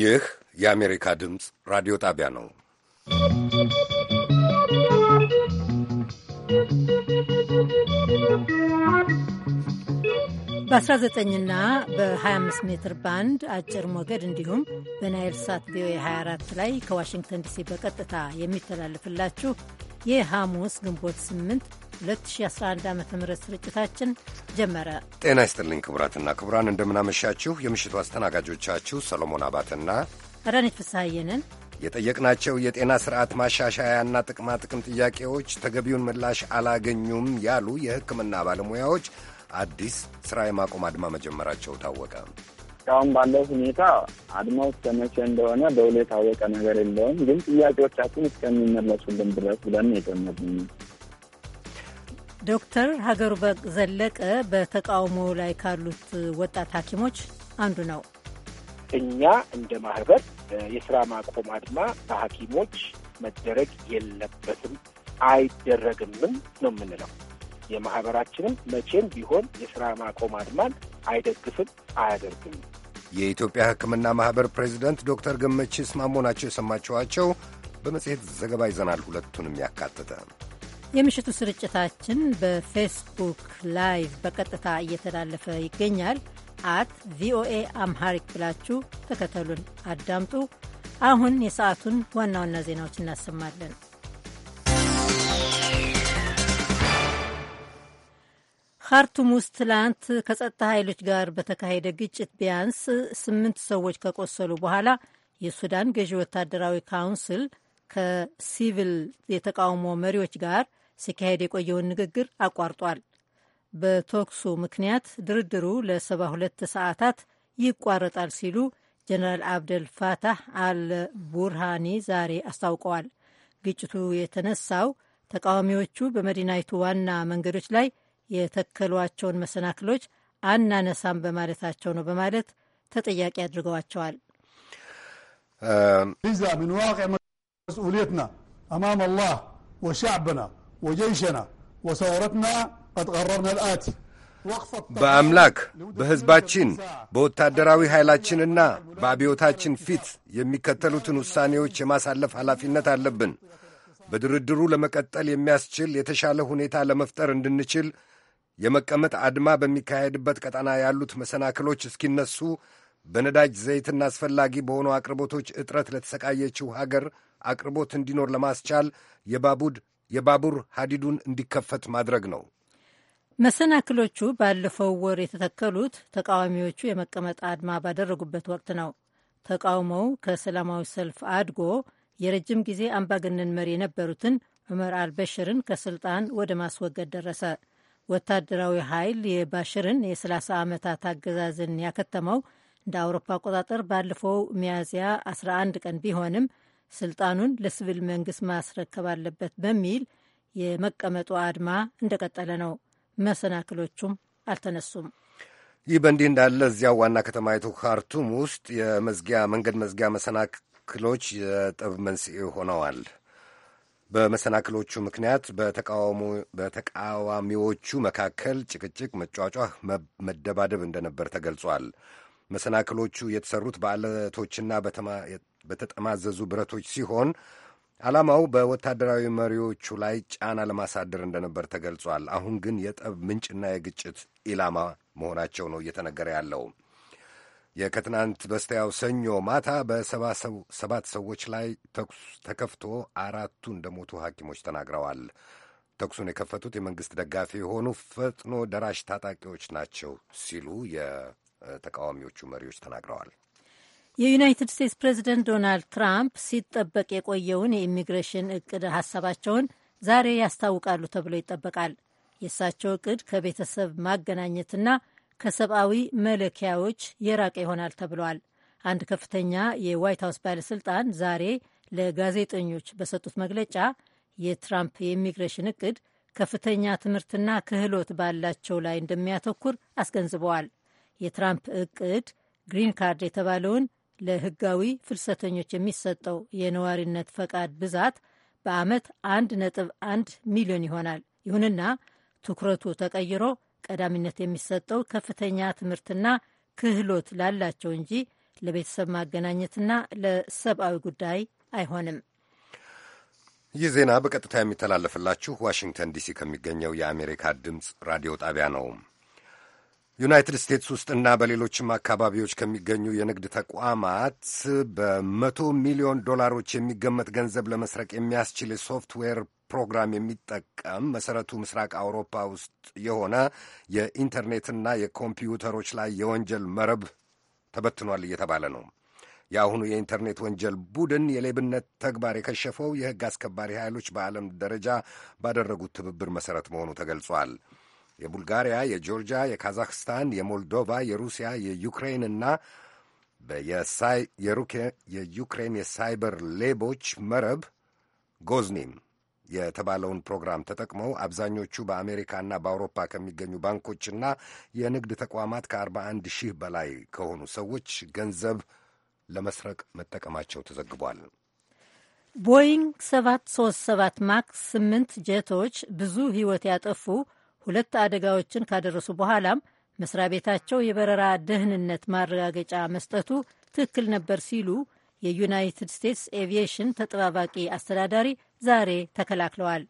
ይህ የአሜሪካ ድምፅ ራዲዮ ጣቢያ ነው። በ19ና በ25 ሜትር ባንድ አጭር ሞገድ እንዲሁም በናይል ሳት ቪኦኤ 24 ላይ ከዋሽንግተን ዲሲ በቀጥታ የሚተላለፍላችሁ የሐሙስ ግንቦት 8 2011 ዓ ም ስርጭታችን ጀመረ። ጤና ይስጥልኝ ክቡራትና ክቡራን፣ እንደምናመሻችሁ። የምሽቱ አስተናጋጆቻችሁ ሰሎሞን አባትና አዳነች ፍስሐየንን የጠየቅናቸው የጤና ስርዓት ማሻሻያና ጥቅማ ጥቅም ጥያቄዎች ተገቢውን ምላሽ አላገኙም ያሉ የሕክምና ባለሙያዎች አዲስ ስራ የማቆም አድማ መጀመራቸው ታወቀ። እስካሁን ባለው ሁኔታ አድማው እስከ መቼ እንደሆነ በውል የታወቀ ነገር የለውም። ግን ጥያቄዎቻችን እስከሚመለሱልን ድረስ ብለን የጀመርነው ዶክተር ሀገሩ ዘለቀ በተቃውሞ ላይ ካሉት ወጣት ሐኪሞች አንዱ ነው። እኛ እንደ ማህበር የስራ ማቆም አድማ በሐኪሞች መደረግ የለበትም አይደረግምም ነው የምንለው። የማህበራችንም መቼም ቢሆን የስራ ማቆም አድማን አይደግፍም አያደርግም። የኢትዮጵያ ሕክምና ማኅበር ፕሬዚደንት ዶክተር ገመቺስ ማሞ ናቸው የሰማችኋቸው። በመጽሔት ዘገባ ይዘናል ሁለቱንም ያካተተ የምሽቱ ስርጭታችን በፌስቡክ ላይቭ በቀጥታ እየተላለፈ ይገኛል። አት ቪኦኤ አምሃሪክ ብላችሁ ተከተሉን፣ አዳምጡ። አሁን የሰዓቱን ዋና ዋና ዜናዎች እናሰማለን። ካርቱም ውስጥ ትላንት ከጸጥታ ኃይሎች ጋር በተካሄደ ግጭት ቢያንስ ስምንት ሰዎች ከቆሰሉ በኋላ የሱዳን ገዢ ወታደራዊ ካውንስል ከሲቪል የተቃውሞ መሪዎች ጋር ሲካሄድ የቆየውን ንግግር አቋርጧል። በተኩሱ ምክንያት ድርድሩ ለሰባ ሁለት ሰዓታት ይቋረጣል ሲሉ ጀነራል አብደል ፋታህ አል ቡርሃኒ ዛሬ አስታውቀዋል። ግጭቱ የተነሳው ተቃዋሚዎቹ በመዲናይቱ ዋና መንገዶች ላይ የተከሏቸውን መሰናክሎች አናነሳም በማለታቸው ነው በማለት ተጠያቂ አድርገዋቸዋል። ዛ ምን ዋቅዕ መስኡልየትና አማም አላህ ወሻዕብና ወጀይሸና ወሰውረትና ቀድ ቀረርና ልአቲ በአምላክ በሕዝባችን በወታደራዊ ኃይላችንና በአብዮታችን ፊት የሚከተሉትን ውሳኔዎች የማሳለፍ ኃላፊነት አለብን። በድርድሩ ለመቀጠል የሚያስችል የተሻለ ሁኔታ ለመፍጠር እንድንችል የመቀመጥ አድማ በሚካሄድበት ቀጠና ያሉት መሰናክሎች እስኪነሱ በነዳጅ ዘይትና አስፈላጊ በሆኑ አቅርቦቶች እጥረት ለተሰቃየችው ሀገር አቅርቦት እንዲኖር ለማስቻል የባቡድ የባቡር ሀዲዱን እንዲከፈት ማድረግ ነው። መሰናክሎቹ ባለፈው ወር የተተከሉት ተቃዋሚዎቹ የመቀመጥ አድማ ባደረጉበት ወቅት ነው። ተቃውሞው ከሰላማዊ ሰልፍ አድጎ የረጅም ጊዜ አምባገነን መሪ የነበሩትን ዑመር አልበሽርን ከስልጣን ወደ ማስወገድ ደረሰ። ወታደራዊ ኃይል የባሽርን የ30 ዓመታት አገዛዝን ያከተመው እንደ አውሮፓ አቆጣጠር ባለፈው ሚያዝያ 11 ቀን ቢሆንም ስልጣኑን ለስቪል መንግስት ማስረከብ አለበት በሚል የመቀመጡ አድማ እንደቀጠለ ነው። መሰናክሎቹም አልተነሱም። ይህ በእንዲህ እንዳለ እዚያው ዋና ከተማይቱ ካርቱም ውስጥ የመዝጊያ መንገድ መዝጊያ መሰናክሎች የጠብ መንስኤ ሆነዋል። በመሰናክሎቹ ምክንያት በተቃዋሚዎቹ መካከል ጭቅጭቅ፣ መጫጫህ፣ መደባደብ እንደነበር ተገልጿል። መሰናክሎቹ የተሰሩት በአለቶችና በተጠማዘዙ ብረቶች ሲሆን ዓላማው በወታደራዊ መሪዎቹ ላይ ጫና ለማሳደር እንደነበር ተገልጿል። አሁን ግን የጠብ ምንጭና የግጭት ኢላማ መሆናቸው ነው እየተነገረ ያለው። የከትናንት በስቲያው ሰኞ ማታ በሰባት ሰዎች ላይ ተኩስ ተከፍቶ አራቱ እንደሞቱ ሐኪሞች ተናግረዋል። ተኩሱን የከፈቱት የመንግሥት ደጋፊ የሆኑ ፈጥኖ ደራሽ ታጣቂዎች ናቸው ሲሉ የተቃዋሚዎቹ መሪዎች ተናግረዋል። የዩናይትድ ስቴትስ ፕሬዚደንት ዶናልድ ትራምፕ ሲጠበቅ የቆየውን የኢሚግሬሽን እቅድ ሀሳባቸውን ዛሬ ያስታውቃሉ ተብሎ ይጠበቃል። የእሳቸው እቅድ ከቤተሰብ ማገናኘትና ከሰብአዊ መለኪያዎች የራቀ ይሆናል ተብሏል። አንድ ከፍተኛ የዋይት ሀውስ ባለሥልጣን ዛሬ ለጋዜጠኞች በሰጡት መግለጫ የትራምፕ የኢሚግሬሽን እቅድ ከፍተኛ ትምህርትና ክህሎት ባላቸው ላይ እንደሚያተኩር አስገንዝበዋል። የትራምፕ እቅድ ግሪን ካርድ የተባለውን ለህጋዊ ፍልሰተኞች የሚሰጠው የነዋሪነት ፈቃድ ብዛት በዓመት 1.1 ሚሊዮን ይሆናል። ይሁንና ትኩረቱ ተቀይሮ ቀዳሚነት የሚሰጠው ከፍተኛ ትምህርትና ክህሎት ላላቸው እንጂ ለቤተሰብ ማገናኘትና ለሰብአዊ ጉዳይ አይሆንም። ይህ ዜና በቀጥታ የሚተላለፍላችሁ ዋሽንግተን ዲሲ ከሚገኘው የአሜሪካ ድምፅ ራዲዮ ጣቢያ ነው። ዩናይትድ ስቴትስ ውስጥና በሌሎችም አካባቢዎች ከሚገኙ የንግድ ተቋማት በመቶ ሚሊዮን ዶላሮች የሚገመት ገንዘብ ለመስረቅ የሚያስችል የሶፍትዌር ፕሮግራም የሚጠቀም መሰረቱ ምስራቅ አውሮፓ ውስጥ የሆነ የኢንተርኔትና የኮምፒውተሮች ላይ የወንጀል መረብ ተበትኗል እየተባለ ነው። የአሁኑ የኢንተርኔት ወንጀል ቡድን የሌብነት ተግባር የከሸፈው የሕግ አስከባሪ ኃይሎች በዓለም ደረጃ ባደረጉት ትብብር መሰረት መሆኑ ተገልጿል። የቡልጋሪያ፣ የጆርጂያ፣ የካዛክስታን፣ የሞልዶቫ፣ የሩሲያ፣ የዩክሬንና የዩክሬን የሳይበር ሌቦች መረብ ጎዝኒም የተባለውን ፕሮግራም ተጠቅመው አብዛኞቹ በአሜሪካና በአውሮፓ ከሚገኙ ባንኮችና የንግድ ተቋማት ከ41 ሺህ በላይ ከሆኑ ሰዎች ገንዘብ ለመስረቅ መጠቀማቸው ተዘግቧል። ቦይንግ 737 ማክስ 8 ጀቶች ብዙ ሕይወት ያጠፉ ሁለት አደጋዎችን ካደረሱ በኋላም መስሪያ ቤታቸው የበረራ ደህንነት ማረጋገጫ መስጠቱ ትክክል ነበር ሲሉ የዩናይትድ ስቴትስ ኤቪዬሽን ተጠባባቂ አስተዳዳሪ ዛሬ ተከላክለዋል።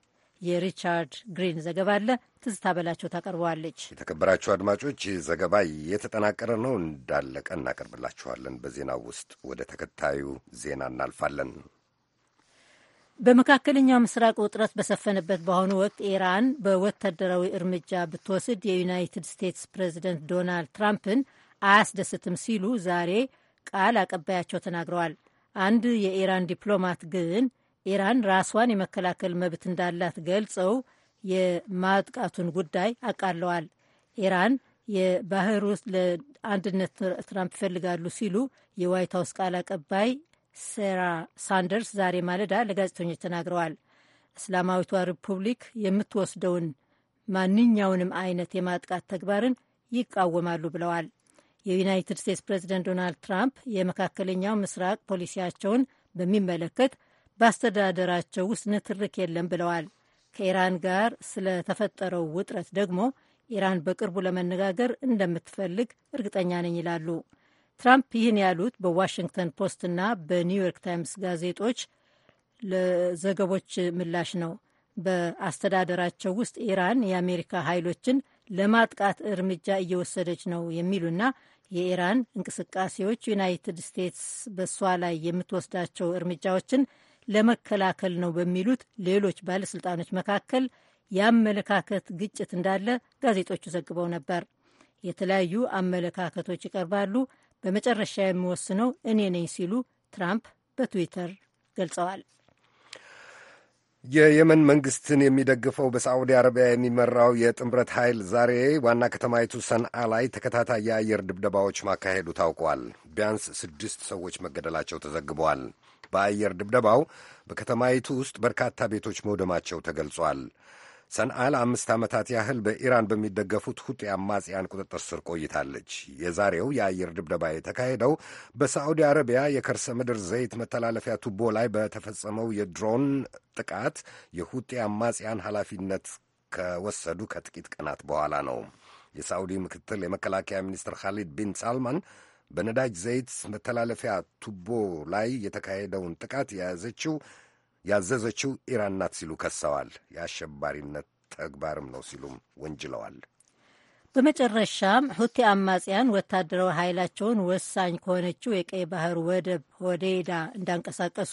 የሪቻርድ ግሪን ዘገባ አለ። ትዝታ በላቸው ታቀርበዋለች። የተከበራችሁ አድማጮች ይህ ዘገባ የተጠናቀረ ነው፣ እንዳለቀ እናቀርብላችኋለን። በዜናው ውስጥ ወደ ተከታዩ ዜና እናልፋለን። በመካከለኛው ምስራቅ ውጥረት በሰፈነበት በአሁኑ ወቅት ኢራን በወታደራዊ እርምጃ ብትወስድ የዩናይትድ ስቴትስ ፕሬዚደንት ዶናልድ ትራምፕን አያስደስትም ሲሉ ዛሬ ቃል አቀባያቸው ተናግረዋል። አንድ የኢራን ዲፕሎማት ግን ኢራን ራሷን የመከላከል መብት እንዳላት ገልጸው የማጥቃቱን ጉዳይ አቃለዋል። ኢራን የባህር ውስጥ ለአንድነት ትራምፕ ይፈልጋሉ ሲሉ የዋይት ሀውስ ቃል አቀባይ ሴራ ሳንደርስ ዛሬ ማለዳ ለጋዜጠኞች ተናግረዋል። እስላማዊቷ ሪፑብሊክ የምትወስደውን ማንኛውንም አይነት የማጥቃት ተግባርን ይቃወማሉ ብለዋል። የዩናይትድ ስቴትስ ፕሬዚደንት ዶናልድ ትራምፕ የመካከለኛው ምስራቅ ፖሊሲያቸውን በሚመለከት በአስተዳደራቸው ውስጥ ንትርክ የለም ብለዋል። ከኢራን ጋር ስለተፈጠረው ውጥረት ደግሞ ኢራን በቅርቡ ለመነጋገር እንደምትፈልግ እርግጠኛ ነኝ ይላሉ። ትራምፕ ይህን ያሉት በዋሽንግተን ፖስትና በኒውዮርክ ታይምስ ጋዜጦች ለዘገቦች ምላሽ ነው። በአስተዳደራቸው ውስጥ ኢራን የአሜሪካ ኃይሎችን ለማጥቃት እርምጃ እየወሰደች ነው የሚሉና የኢራን እንቅስቃሴዎች ዩናይትድ ስቴትስ በእሷ ላይ የምትወስዳቸው እርምጃዎችን ለመከላከል ነው በሚሉት ሌሎች ባለስልጣኖች መካከል የአመለካከት ግጭት እንዳለ ጋዜጦቹ ዘግበው ነበር። የተለያዩ አመለካከቶች ይቀርባሉ። በመጨረሻ የምወስነው እኔ ነኝ ሲሉ ትራምፕ በትዊተር ገልጸዋል። የየመን መንግስትን የሚደግፈው በሳዑዲ አረቢያ የሚመራው የጥምረት ኃይል ዛሬ ዋና ከተማይቱ ሰንዓ ላይ ተከታታይ የአየር ድብደባዎች ማካሄዱ ታውቋል። ቢያንስ ስድስት ሰዎች መገደላቸው ተዘግበዋል። በአየር ድብደባው በከተማይቱ ውስጥ በርካታ ቤቶች መውደማቸው ተገልጿል። ሰንዓ ለአምስት ዓመታት ያህል በኢራን በሚደገፉት ሁጤ አማጽያን ቁጥጥር ስር ቆይታለች። የዛሬው የአየር ድብደባ የተካሄደው በሳዑዲ አረቢያ የከርሰ ምድር ዘይት መተላለፊያ ቱቦ ላይ በተፈጸመው የድሮን ጥቃት የሁጤ አማጽያን ኃላፊነት ከወሰዱ ከጥቂት ቀናት በኋላ ነው። የሳዑዲ ምክትል የመከላከያ ሚኒስትር ካሊድ ቢን ሳልማን በነዳጅ ዘይት መተላለፊያ ቱቦ ላይ የተካሄደውን ጥቃት የያዘችው ያዘዘችው ኢራን ናት ሲሉ ከሰዋል። የአሸባሪነት ተግባርም ነው ሲሉም ወንጅለዋል። በመጨረሻም ሁቲ አማጽያን ወታደራዊ ኃይላቸውን ወሳኝ ከሆነችው የቀይ ባህር ወደብ ሆዴዳ እንዳንቀሳቀሱ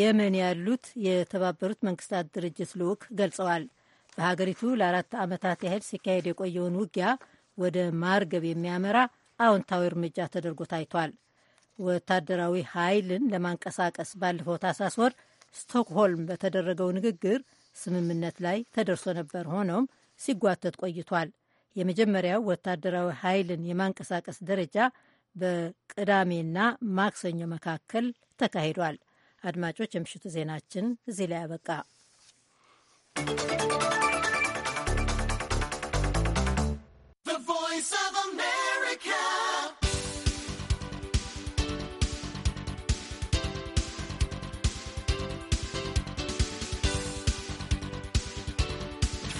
የመን ያሉት የተባበሩት መንግስታት ድርጅት ልዑክ ገልጸዋል። በሀገሪቱ ለአራት ዓመታት ያህል ሲካሄድ የቆየውን ውጊያ ወደ ማርገብ የሚያመራ አዎንታዊ እርምጃ ተደርጎ ታይቷል። ወታደራዊ ኃይልን ለማንቀሳቀስ ባለፈው ታሳስ ወር ስቶክሆልም በተደረገው ንግግር ስምምነት ላይ ተደርሶ ነበር። ሆኖም ሲጓተት ቆይቷል። የመጀመሪያው ወታደራዊ ኃይልን የማንቀሳቀስ ደረጃ በቅዳሜና ማክሰኞ መካከል ተካሂዷል። አድማጮች፣ የምሽቱ ዜናችን እዚህ ላይ አበቃ።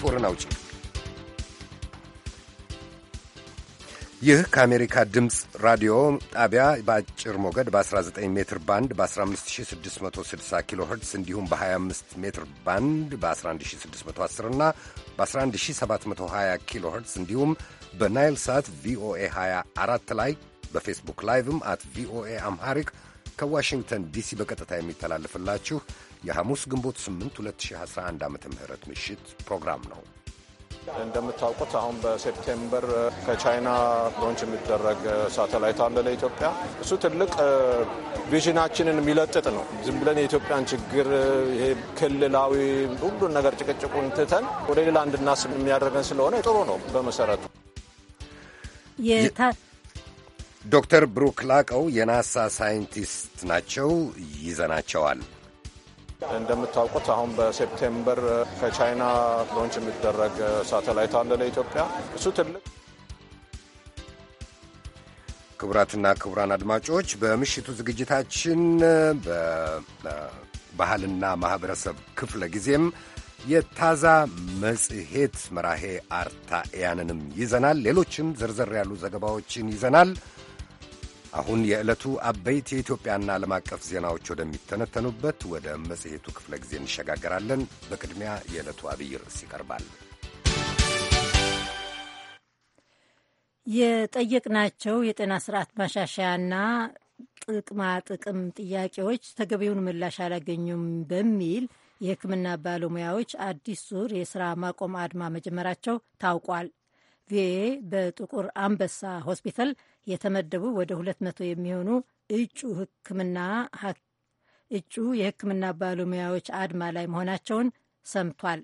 ጥቁርን አውጪ። ይህ ከአሜሪካ ድምፅ ራዲዮ ጣቢያ በአጭር ሞገድ በ19 ሜትር ባንድ በ15660 ኪሎ ኸርትዝ እንዲሁም በ25 ሜትር ባንድ በ11610 እና በ11720 ኪሎ ኸርትዝ እንዲሁም በናይል ሳት ቪኦኤ 24 ላይ በፌስቡክ ላይቭም አት ቪኦኤ አምሃሪክ ከዋሽንግተን ዲሲ በቀጥታ የሚተላለፍላችሁ የሐሙስ ግንቦት 8 2011 ዓ ም ምሽት ፕሮግራም ነው። እንደምታውቁት አሁን በሴፕቴምበር ከቻይና ሎንች የሚደረግ ሳተላይት አለ ለኢትዮጵያ። እሱ ትልቅ ቪዥናችንን የሚለጥጥ ነው። ዝም ብለን የኢትዮጵያን ችግር ይሄ ክልላዊ ሁሉን ነገር ጭቅጭቁን ትተን ወደ ሌላ እንድናስብ የሚያደርገን ስለሆነ ጥሩ ነው። በመሰረቱ ዶክተር ብሩክ ላቀው የናሳ ሳይንቲስት ናቸው። ይዘናቸዋል። እንደምታውቁት አሁን በሴፕቴምበር ከቻይና ሎንች የሚደረግ ሳተላይት አለ ለኢትዮጵያ። እሱ ትልቅ ክቡራትና ክቡራን አድማጮች በምሽቱ ዝግጅታችን በባህልና ማኅበረሰብ ክፍለ ጊዜም የታዛ መጽሔት መራሄ አርታኢያንንም ይዘናል። ሌሎችም ዝርዝር ያሉ ዘገባዎችን ይዘናል። አሁን የዕለቱ አበይት የኢትዮጵያና ዓለም አቀፍ ዜናዎች ወደሚተነተኑበት ወደ መጽሔቱ ክፍለ ጊዜ እንሸጋገራለን። በቅድሚያ የዕለቱ አብይ ርዕስ ይቀርባል። የጠየቅናቸው የጤና ስርዓት ማሻሻያና ጥቅማ ጥቅም ጥያቄዎች ተገቢውን ምላሽ አላገኙም በሚል የሕክምና ባለሙያዎች አዲስ ዙር የስራ ማቆም አድማ መጀመራቸው ታውቋል። ቪኦኤ በጥቁር አንበሳ ሆስፒታል የተመደቡ ወደ 200 የሚሆኑ እጩ ህክምና እጩ የህክምና ባለሙያዎች አድማ ላይ መሆናቸውን ሰምቷል።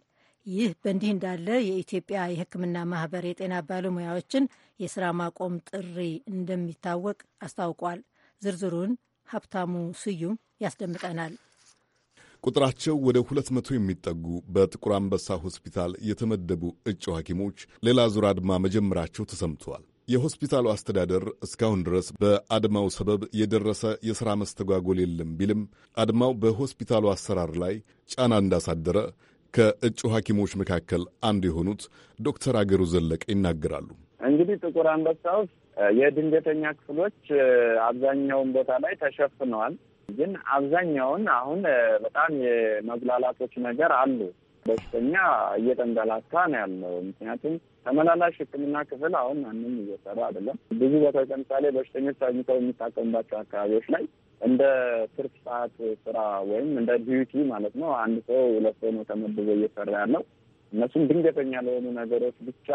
ይህ በእንዲህ እንዳለ የኢትዮጵያ የህክምና ማህበር የጤና ባለሙያዎችን የስራ ማቆም ጥሪ እንደሚታወቅ አስታውቋል። ዝርዝሩን ሀብታሙ ስዩም ያስደምጠናል። ቁጥራቸው ወደ ሁለት መቶ የሚጠጉ በጥቁር አንበሳ ሆስፒታል የተመደቡ እጩ ሐኪሞች ሌላ ዙር አድማ መጀመራቸው ተሰምተዋል። የሆስፒታሉ አስተዳደር እስካሁን ድረስ በአድማው ሰበብ የደረሰ የሥራ መስተጓጎል የለም ቢልም አድማው በሆስፒታሉ አሰራር ላይ ጫና እንዳሳደረ ከእጩ ሐኪሞች መካከል አንዱ የሆኑት ዶክተር አገሩ ዘለቀ ይናገራሉ። እንግዲህ ጥቁር አንበሳ ውስጥ የድንገተኛ ክፍሎች አብዛኛውን ቦታ ላይ ተሸፍነዋል። ግን አብዛኛውን አሁን በጣም የመጉላላቶች ነገር አሉ። በሽተኛ እየተንገላታ ነው ያለው። ምክንያቱም ተመላላሽ ሕክምና ክፍል አሁን ማንም እየሰራ አይደለም። ብዙ ቦታዎች ለምሳሌ በሽተኞች ታኝተው የሚታከሙባቸው አካባቢዎች ላይ እንደ ትርፍ ሰዓት ስራ ወይም እንደ ዲዩቲ ማለት ነው አንድ ሰው ሁለት ሰው ነው ተመድቦ እየሰራ ያለው። እነሱም ድንገተኛ ለሆኑ ነገሮች ብቻ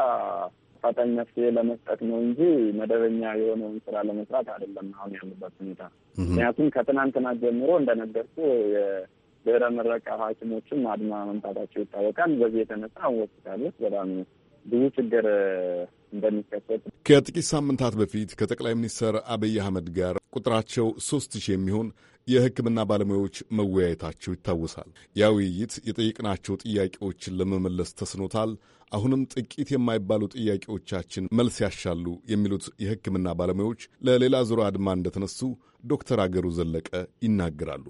አፋጣኝ መፍትሄ ለመስጠት ነው እንጂ መደበኛ የሆነውን ስራ ለመስራት አይደለም አሁን ያሉበት ሁኔታ። ምክንያቱም ከትናንትና ጀምሮ እንደነገርኩ የድህረ ምረቃ ሐኪሞችም አድማ መምጣታቸው ይታወቃል። በዚህ የተነሳ ሆስፒታሎች በጣም ብዙ ችግር እንደሚከሰት ከጥቂት ሳምንታት በፊት ከጠቅላይ ሚኒስትር አብይ አህመድ ጋር ቁጥራቸው ሶስት ሺህ የሚሆን የሕክምና ባለሙያዎች መወያየታቸው ይታወሳል። ያ ውይይት የጠየቅናቸው ጥያቄዎችን ለመመለስ ተስኖታል። አሁንም ጥቂት የማይባሉ ጥያቄዎቻችን መልስ ያሻሉ የሚሉት የሕክምና ባለሙያዎች ለሌላ ዙር አድማ እንደተነሱ ዶክተር አገሩ ዘለቀ ይናገራሉ።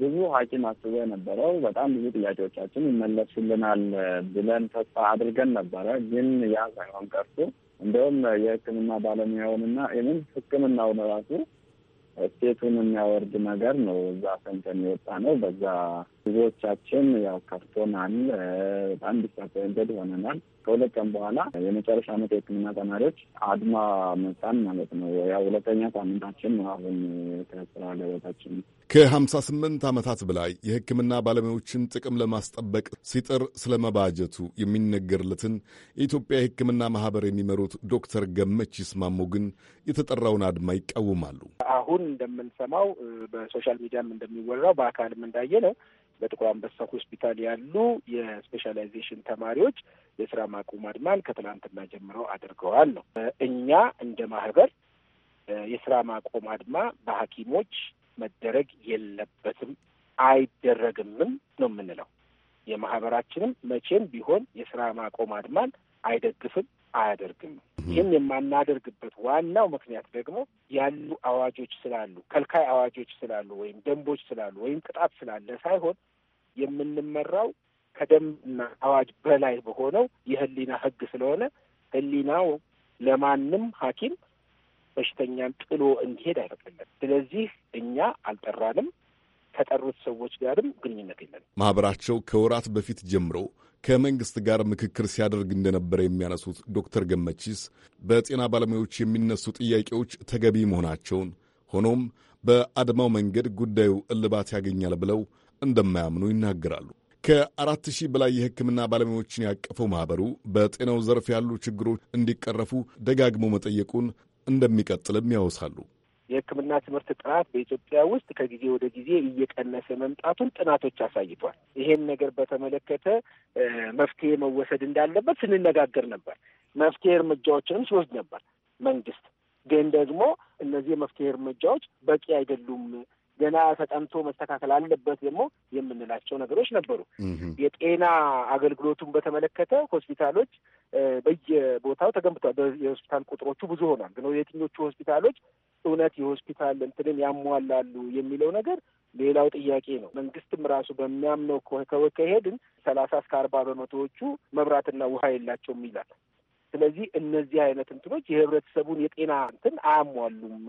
ብዙ ሐኪም አስቦ የነበረው በጣም ብዙ ጥያቄዎቻችን ይመለሱልናል ብለን ተስፋ አድርገን ነበረ። ግን ያ ሳይሆን ቀርቶ እንደውም የሕክምና ባለሙያውንና ይህንን ሕክምናውን ራሱ ሴቱን የሚያወርድ ነገር ነው እዛ ሰምተን የወጣ ነው በዛ ብዙዎቻችን ያው ከፍቶናል፣ በጣም ዲስአፖይንትድ ሆነናል። ከሁለት ቀን በኋላ የመጨረሻ ዓመት የሕክምና ተማሪዎች አድማ መጣን ማለት ነው። ያው ሁለተኛ ሳምንታችን ነው አሁን ከስራ ገበታችን። ከሀምሳ ስምንት ዓመታት በላይ የሕክምና ባለሙያዎችን ጥቅም ለማስጠበቅ ሲጥር ስለ መባጀቱ የሚነገርለትን የኢትዮጵያ የሕክምና ማህበር የሚመሩት ዶክተር ገመች ይስማሙ ግን የተጠራውን አድማ ይቃወማሉ። አሁን እንደምንሰማው በሶሻል ሚዲያም እንደሚወራው በአካልም እንዳየ ነው በጥቁር አንበሳ ሆስፒታል ያሉ የስፔሻላይዜሽን ተማሪዎች የስራ ማቆም አድማን ከትላንትና ጀምረው አድርገዋል ነው። እኛ እንደ ማህበር የስራ ማቆም አድማ በሐኪሞች መደረግ የለበትም አይደረግምም ነው የምንለው። የማህበራችንም መቼም ቢሆን የስራ ማቆም አድማን አይደግፍም አያደርግም። ይህም የማናደርግበት ዋናው ምክንያት ደግሞ ያሉ አዋጆች ስላሉ፣ ከልካይ አዋጆች ስላሉ፣ ወይም ደንቦች ስላሉ፣ ወይም ቅጣት ስላለ ሳይሆን የምንመራው ከደንብና አዋጅ በላይ በሆነው የህሊና ህግ ስለሆነ ህሊናው ለማንም ሐኪም በሽተኛን ጥሎ እንዲሄድ አይፈቅድልን። ስለዚህ እኛ አልጠራንም። ከጠሩት ሰዎች ጋርም ግንኙነት የለን። ማህበራቸው ከወራት በፊት ጀምሮ ከመንግስት ጋር ምክክር ሲያደርግ እንደነበረ የሚያነሱት ዶክተር ገመቺስ በጤና ባለሙያዎች የሚነሱ ጥያቄዎች ተገቢ መሆናቸውን ሆኖም በአድማው መንገድ ጉዳዩ እልባት ያገኛል ብለው እንደማያምኑ ይናገራሉ። ከአራት ሺህ በላይ የሕክምና ባለሙያዎችን ያቀፈው ማኅበሩ በጤናው ዘርፍ ያሉ ችግሮች እንዲቀረፉ ደጋግሞ መጠየቁን እንደሚቀጥልም ያወሳሉ። የህክምና ትምህርት ጥራት በኢትዮጵያ ውስጥ ከጊዜ ወደ ጊዜ እየቀነሰ መምጣቱን ጥናቶች አሳይቷል። ይሄን ነገር በተመለከተ መፍትሄ መወሰድ እንዳለበት ስንነጋገር ነበር። መፍትሄ እርምጃዎችንም ሲወስድ ነበር መንግስት። ግን ደግሞ እነዚህ የመፍትሄ እርምጃዎች በቂ አይደሉም ገና ተጠንቶ መስተካከል አለበት ደግሞ የምንላቸው ነገሮች ነበሩ። የጤና አገልግሎቱን በተመለከተ ሆስፒታሎች በየቦታው ተገንብተዋል። የሆስፒታል ቁጥሮቹ ብዙ ሆኗል። ግን የትኞቹ ሆስፒታሎች እውነት የሆስፒታል እንትንን ያሟላሉ የሚለው ነገር ሌላው ጥያቄ ነው። መንግስትም ራሱ በሚያምነው ከሄድን ሰላሳ እስከ አርባ በመቶዎቹ መብራትና ውሃ የላቸውም ይላል። ስለዚህ እነዚህ አይነት እንትኖች የህብረተሰቡን የጤና እንትን አያሟሉም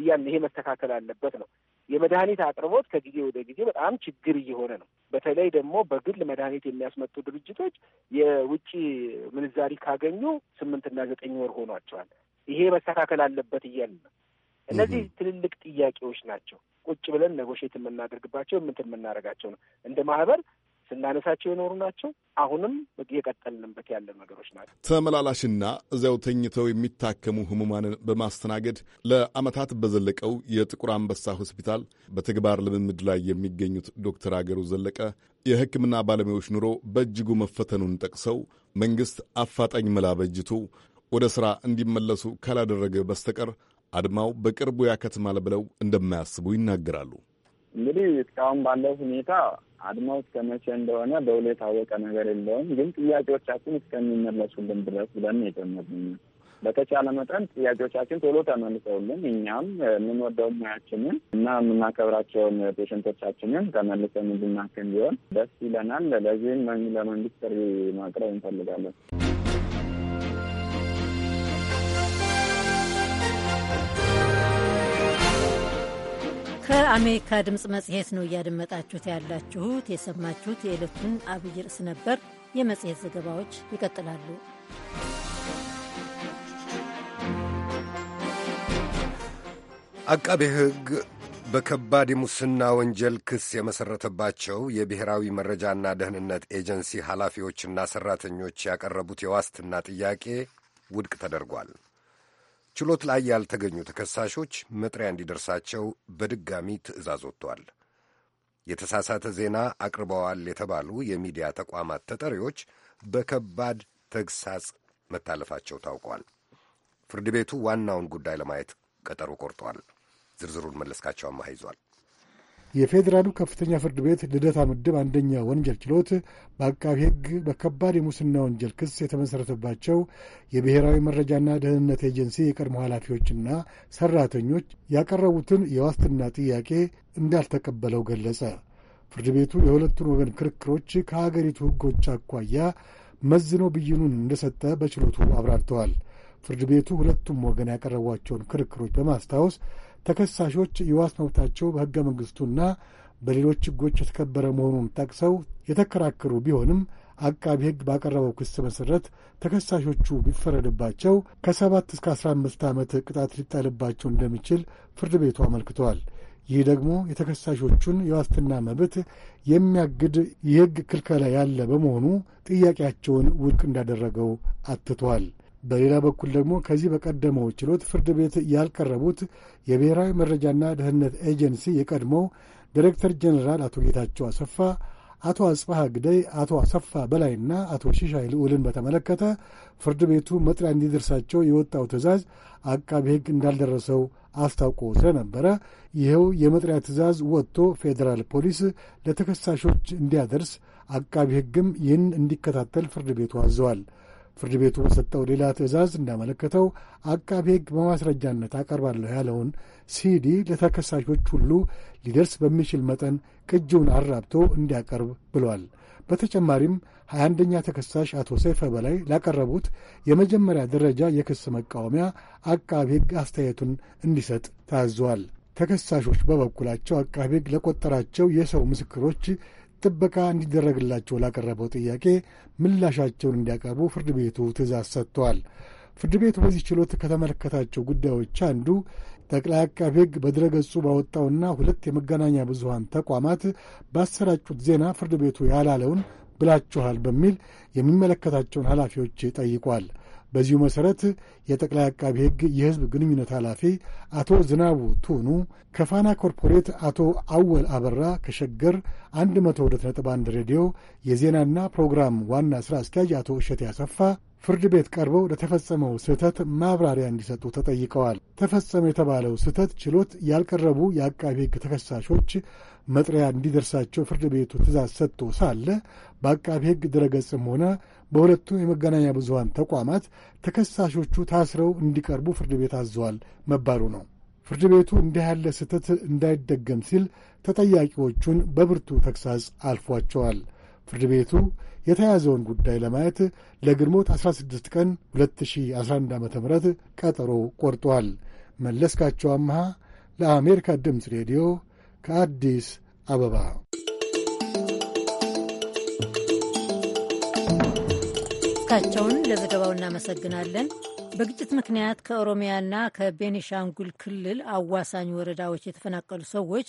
እያን ይሄ መስተካከል አለበት ነው። የመድኃኒት አቅርቦት ከጊዜ ወደ ጊዜ በጣም ችግር እየሆነ ነው። በተለይ ደግሞ በግል መድኃኒት የሚያስመጡ ድርጅቶች የውጭ ምንዛሪ ካገኙ ስምንትና ዘጠኝ ወር ሆኗቸዋል። ይሄ መስተካከል አለበት እያል ነው። እነዚህ ትልልቅ ጥያቄዎች ናቸው። ቁጭ ብለን ነጎሼት የምናደርግባቸው ምንትን የምናደርጋቸው ነው። እንደ ማህበር ስናነሳቸው የኖሩ ናቸው። አሁንም እየቀጠልንበት ያለ ነገሮች ናቸው። ተመላላሽና እዚያው ተኝተው የሚታከሙ ህሙማንን በማስተናገድ ለአመታት በዘለቀው የጥቁር አንበሳ ሆስፒታል በተግባር ልምምድ ላይ የሚገኙት ዶክተር አገሩ ዘለቀ የህክምና ባለሙያዎች ኑሮ በእጅጉ መፈተኑን ጠቅሰው መንግስት አፋጣኝ መላ በጅቱ ወደ ሥራ እንዲመለሱ ካላደረገ በስተቀር አድማው በቅርቡ ያከትማል ብለው እንደማያስቡ ይናገራሉ። እንግዲህ እስካሁን ባለው ሁኔታ አድማው እስከ መቼ እንደሆነ በውል የታወቀ ነገር የለውም። ግን ጥያቄዎቻችን እስከሚመለሱልን ድረስ ብለን የጀመርነው በተቻለ መጠን ጥያቄዎቻችን ቶሎ ተመልሰውልን እኛም የምንወደውን ሙያችንን እና የምናከብራቸውን ፔሽንቶቻችንን ተመልሰን እንድናክም ቢሆን ደስ ይለናል። ለዚህም ለመንግስት ጥሪ ማቅረብ እንፈልጋለን። ከአሜሪካ ድምፅ መጽሔት ነው እያደመጣችሁት ያላችሁት። የሰማችሁት የዕለቱን አብይ ርዕስ ነበር። የመጽሔት ዘገባዎች ይቀጥላሉ። አቃቤ ሕግ በከባድ የሙስና ወንጀል ክስ የመሠረተባቸው የብሔራዊ መረጃና ደህንነት ኤጀንሲ ኃላፊዎችና ሠራተኞች ያቀረቡት የዋስትና ጥያቄ ውድቅ ተደርጓል። ችሎት ላይ ያልተገኙ ተከሳሾች መጥሪያ እንዲደርሳቸው በድጋሚ ትዕዛዝ ወጥቷል። የተሳሳተ ዜና አቅርበዋል የተባሉ የሚዲያ ተቋማት ተጠሪዎች በከባድ ተግሳጽ መታለፋቸው ታውቋል። ፍርድ ቤቱ ዋናውን ጉዳይ ለማየት ቀጠሮ ቆርጧል። ዝርዝሩን መለስካቸው አማህ ይዟል። የፌዴራሉ ከፍተኛ ፍርድ ቤት ልደታ ምድብ አንደኛ ወንጀል ችሎት በአቃቢ ሕግ በከባድ የሙስና ወንጀል ክስ የተመሠረተባቸው የብሔራዊ መረጃና ደህንነት ኤጀንሲ የቀድሞ ኃላፊዎችና ሠራተኞች ያቀረቡትን የዋስትና ጥያቄ እንዳልተቀበለው ገለጸ። ፍርድ ቤቱ የሁለቱን ወገን ክርክሮች ከአገሪቱ ሕጎች አኳያ መዝኖ ብይኑን እንደሰጠ በችሎቱ አብራርተዋል። ፍርድ ቤቱ ሁለቱም ወገን ያቀረቧቸውን ክርክሮች በማስታወስ ተከሳሾች የዋስ መብታቸው በሕገ መንግሥቱና በሌሎች ሕጎች የተከበረ መሆኑን ጠቅሰው የተከራከሩ ቢሆንም አቃቢ ሕግ ባቀረበው ክስ መሠረት ተከሳሾቹ ቢፈረድባቸው ከሰባት እስከ አስራ አምስት ዓመት ቅጣት ሊጣልባቸው እንደሚችል ፍርድ ቤቱ አመልክቷል። ይህ ደግሞ የተከሳሾቹን የዋስትና መብት የሚያግድ የሕግ ክልከላ ያለ በመሆኑ ጥያቄያቸውን ውድቅ እንዳደረገው አትቷል። በሌላ በኩል ደግሞ ከዚህ በቀደመው ችሎት ፍርድ ቤት ያልቀረቡት የብሔራዊ መረጃና ደህንነት ኤጀንሲ የቀድሞ ዲሬክተር ጀኔራል አቶ ጌታቸው አሰፋ፣ አቶ አጽባሃ ግደይ፣ አቶ አሰፋ በላይና አቶ ሽሻይ ልዑልን በተመለከተ ፍርድ ቤቱ መጥሪያ እንዲደርሳቸው የወጣው ትዕዛዝ አቃቢ ሕግ እንዳልደረሰው አስታውቆ ስለነበረ ይኸው የመጥሪያ ትዕዛዝ ወጥቶ ፌዴራል ፖሊስ ለተከሳሾች እንዲያደርስ አቃቢ ሕግም ይህን እንዲከታተል ፍርድ ቤቱ አዘዋል። ፍርድ ቤቱ በሰጠው ሌላ ትዕዛዝ እንዳመለከተው አቃቢ ሕግ በማስረጃነት አቀርባለሁ ያለውን ሲዲ ለተከሳሾች ሁሉ ሊደርስ በሚችል መጠን ቅጂውን አራብቶ እንዲያቀርብ ብሏል። በተጨማሪም ሀያ አንደኛ ተከሳሽ አቶ ሰይፈ በላይ ላቀረቡት የመጀመሪያ ደረጃ የክስ መቃወሚያ አቃቢ ሕግ አስተያየቱን እንዲሰጥ ታዟል። ተከሳሾች በበኩላቸው አቃቢ ሕግ ለቆጠራቸው የሰው ምስክሮች ጥበቃ እንዲደረግላቸው ላቀረበው ጥያቄ ምላሻቸውን እንዲያቀርቡ ፍርድ ቤቱ ትእዛዝ ሰጥቷል። ፍርድ ቤቱ በዚህ ችሎት ከተመለከታቸው ጉዳዮች አንዱ ጠቅላይ አቃቢ ሕግ በድረገጹ ባወጣውና ሁለት የመገናኛ ብዙሀን ተቋማት ባሰራጩት ዜና ፍርድ ቤቱ ያላለውን ብላችኋል በሚል የሚመለከታቸውን ኃላፊዎች ጠይቋል። በዚሁ መሠረት የጠቅላይ አቃቢ ሕግ የሕዝብ ግንኙነት ኃላፊ አቶ ዝናቡ ቱኑ ከፋና ኮርፖሬት አቶ አወል አበራ ከሸገር 102.1 ሬዲዮ የዜናና ፕሮግራም ዋና ሥራ አስኪያጅ አቶ እሸቴ አሰፋ ፍርድ ቤት ቀርበው ለተፈጸመው ስህተት ማብራሪያ እንዲሰጡ ተጠይቀዋል። ተፈጸመ የተባለው ስህተት ችሎት ያልቀረቡ የአቃቢ ሕግ ተከሳሾች መጥሪያ እንዲደርሳቸው ፍርድ ቤቱ ትእዛዝ ሰጥቶ ሳለ በአቃቢ ሕግ ድረገጽም ሆነ በሁለቱም የመገናኛ ብዙሀን ተቋማት ተከሳሾቹ ታስረው እንዲቀርቡ ፍርድ ቤት አዘዋል መባሉ ነው። ፍርድ ቤቱ እንዲህ ያለ ስህተት እንዳይደገም ሲል ተጠያቂዎቹን በብርቱ ተግሳጽ አልፏቸዋል። ፍርድ ቤቱ የተያዘውን ጉዳይ ለማየት ለግንቦት 16 ቀን 2011 ዓ ም ቀጠሮ ቆርጧል። መለስካቸው አምሃ ለአሜሪካ ድምፅ ሬዲዮ ከአዲስ አበባ። ካቸውን ለዘገባው እናመሰግናለን። በግጭት ምክንያት ከኦሮሚያና ከቤኒሻንጉል ክልል አዋሳኝ ወረዳዎች የተፈናቀሉ ሰዎች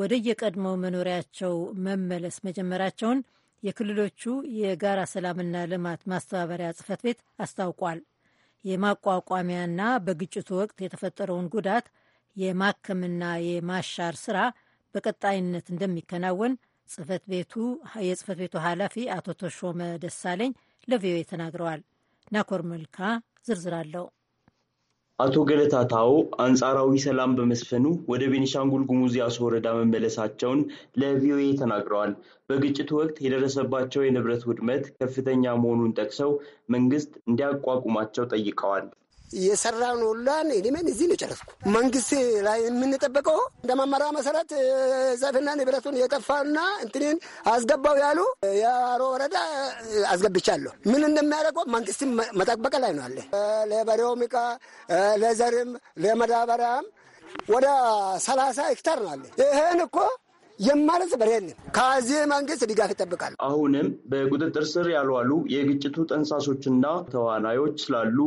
ወደ የቀድሞው መኖሪያቸው መመለስ መጀመራቸውን የክልሎቹ የጋራ ሰላምና ልማት ማስተባበሪያ ጽህፈት ቤት አስታውቋል። የማቋቋሚያና በግጭቱ ወቅት የተፈጠረውን ጉዳት የማከምና የማሻር ስራ በቀጣይነት እንደሚከናወን ጽህፈት ቤቱ የጽህፈት ቤቱ ኃላፊ አቶ ተሾመ ደሳለኝ ለቪኦኤ ተናግረዋል። ናኮር መልካ ዝርዝር አለው። አቶ ገለታ ታዎ አንጻራዊ ሰላም በመስፈኑ ወደ ቤኒሻንጉል ጉሙዝ የአሶ ወረዳ መመለሳቸውን ለቪኦኤ ተናግረዋል። በግጭቱ ወቅት የደረሰባቸው የንብረት ውድመት ከፍተኛ መሆኑን ጠቅሰው መንግስት እንዲያቋቁማቸው ጠይቀዋል። የሰራን ሁላን ኤሊመን እዚህ ነው ጨረስኩ። መንግስት ላይ የምንጠበቀው እንደ መመሪያ መሰረት ዘፍና ንብረቱን የጠፋና እንትንን አስገባው ያሉ የአሮ ወረዳ አስገብቻለሁ። ምን እንደሚያደርገው መንግስት መጠበቅ ላይ ነው አለ። ለበሬውም ዕቃ ለዘርም ለመዳበሪያም ወደ ሰላሳ ሄክታር ነው አለ። ይህን እኮ የማለት በር ከዚህ መንግስት ድጋፍ ይጠብቃል። አሁንም በቁጥጥር ስር ያልዋሉ የግጭቱ ጠንሳሶችና ተዋናዮች ስላሉ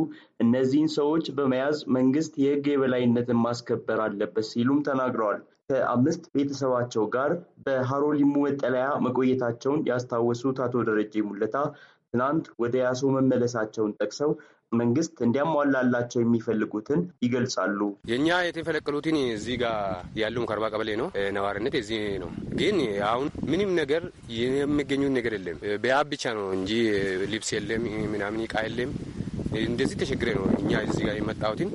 እነዚህን ሰዎች በመያዝ መንግስት የህግ የበላይነትን ማስከበር አለበት ሲሉም ተናግረዋል። ከአምስት ቤተሰባቸው ጋር በሃሮ ሊሙ መጠለያ መቆየታቸውን ያስታወሱት አቶ ደረጀ ሙለታ ትናንት ወደ ያሶ መመለሳቸውን ጠቅሰው መንግስት እንዲያሟላላቸው የሚፈልጉትን ይገልጻሉ። የእኛ የተፈለቀሉትን እዚህ ጋር ያሉ ከርባ ቀበሌ ነው ነዋሪነት እዚህ ነው። ግን አሁን ምንም ነገር የሚገኙት ነገር የለም። በያ ብቻ ነው እንጂ ልብስ የለም ምናምን እቃ የለም። እንደዚህ ተቸግረ ነው እኛ እዚህ ጋር የመጣሁትን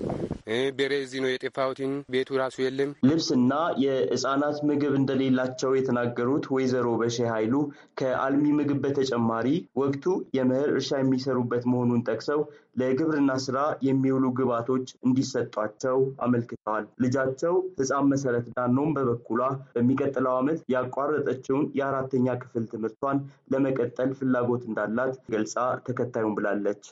ቤሬ ነው የጠፋሁትን። ቤቱ ራሱ የለም። ልብስና የህፃናት ምግብ እንደሌላቸው የተናገሩት ወይዘሮ በሼ ኃይሉ ከአልሚ ምግብ በተጨማሪ ወቅቱ የመኸር እርሻ የሚሰሩበት መሆኑን ጠቅሰው ለግብርና ስራ የሚውሉ ግብዓቶች እንዲሰጧቸው አመልክተዋል። ልጃቸው ህፃን መሰረት ዳኖም በበኩሏ በሚቀጥለው ዓመት ያቋረጠችውን የአራተኛ ክፍል ትምህርቷን ለመቀጠል ፍላጎት እንዳላት ገልጻ ተከታዩን ብላለች።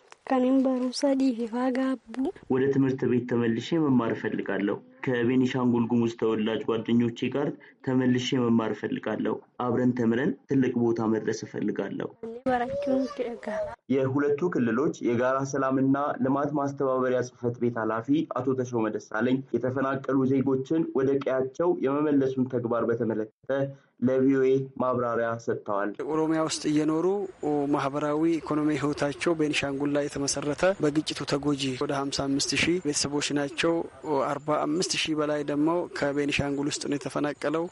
ወደ ትምህርት ቤት ተመልሼ መማር እፈልጋለሁ። ከቤኒሻንጉል ጉሙዝ ተወላጅ ጓደኞቼ ጋር ተመልሼ መማር እፈልጋለሁ። አብረን ተምረን ትልቅ ቦታ መድረስ እፈልጋለሁ። የሁለቱ ክልሎች የጋራ ሰላምና ልማት ማስተባበሪያ ጽህፈት ቤት ኃላፊ አቶ ተሾመ ደሳለኝ የተፈናቀሉ ዜጎችን ወደ ቀያቸው የመመለሱን ተግባር በተመለከተ ለቪኦኤ ማብራሪያ ሰጥተዋል። ኦሮሚያ ውስጥ እየኖሩ ማህበራዊ ኢኮኖሚ ህይወታቸው ቤንሻንጉል ላይ የተመሰረተ በግጭቱ ተጎጂ ወደ አምስት ሺህ ቤተሰቦች ናቸው። አምስት ሺህ በላይ ደግሞ ከቤንሻንጉል ውስጥ ነው የተፈናቀለው።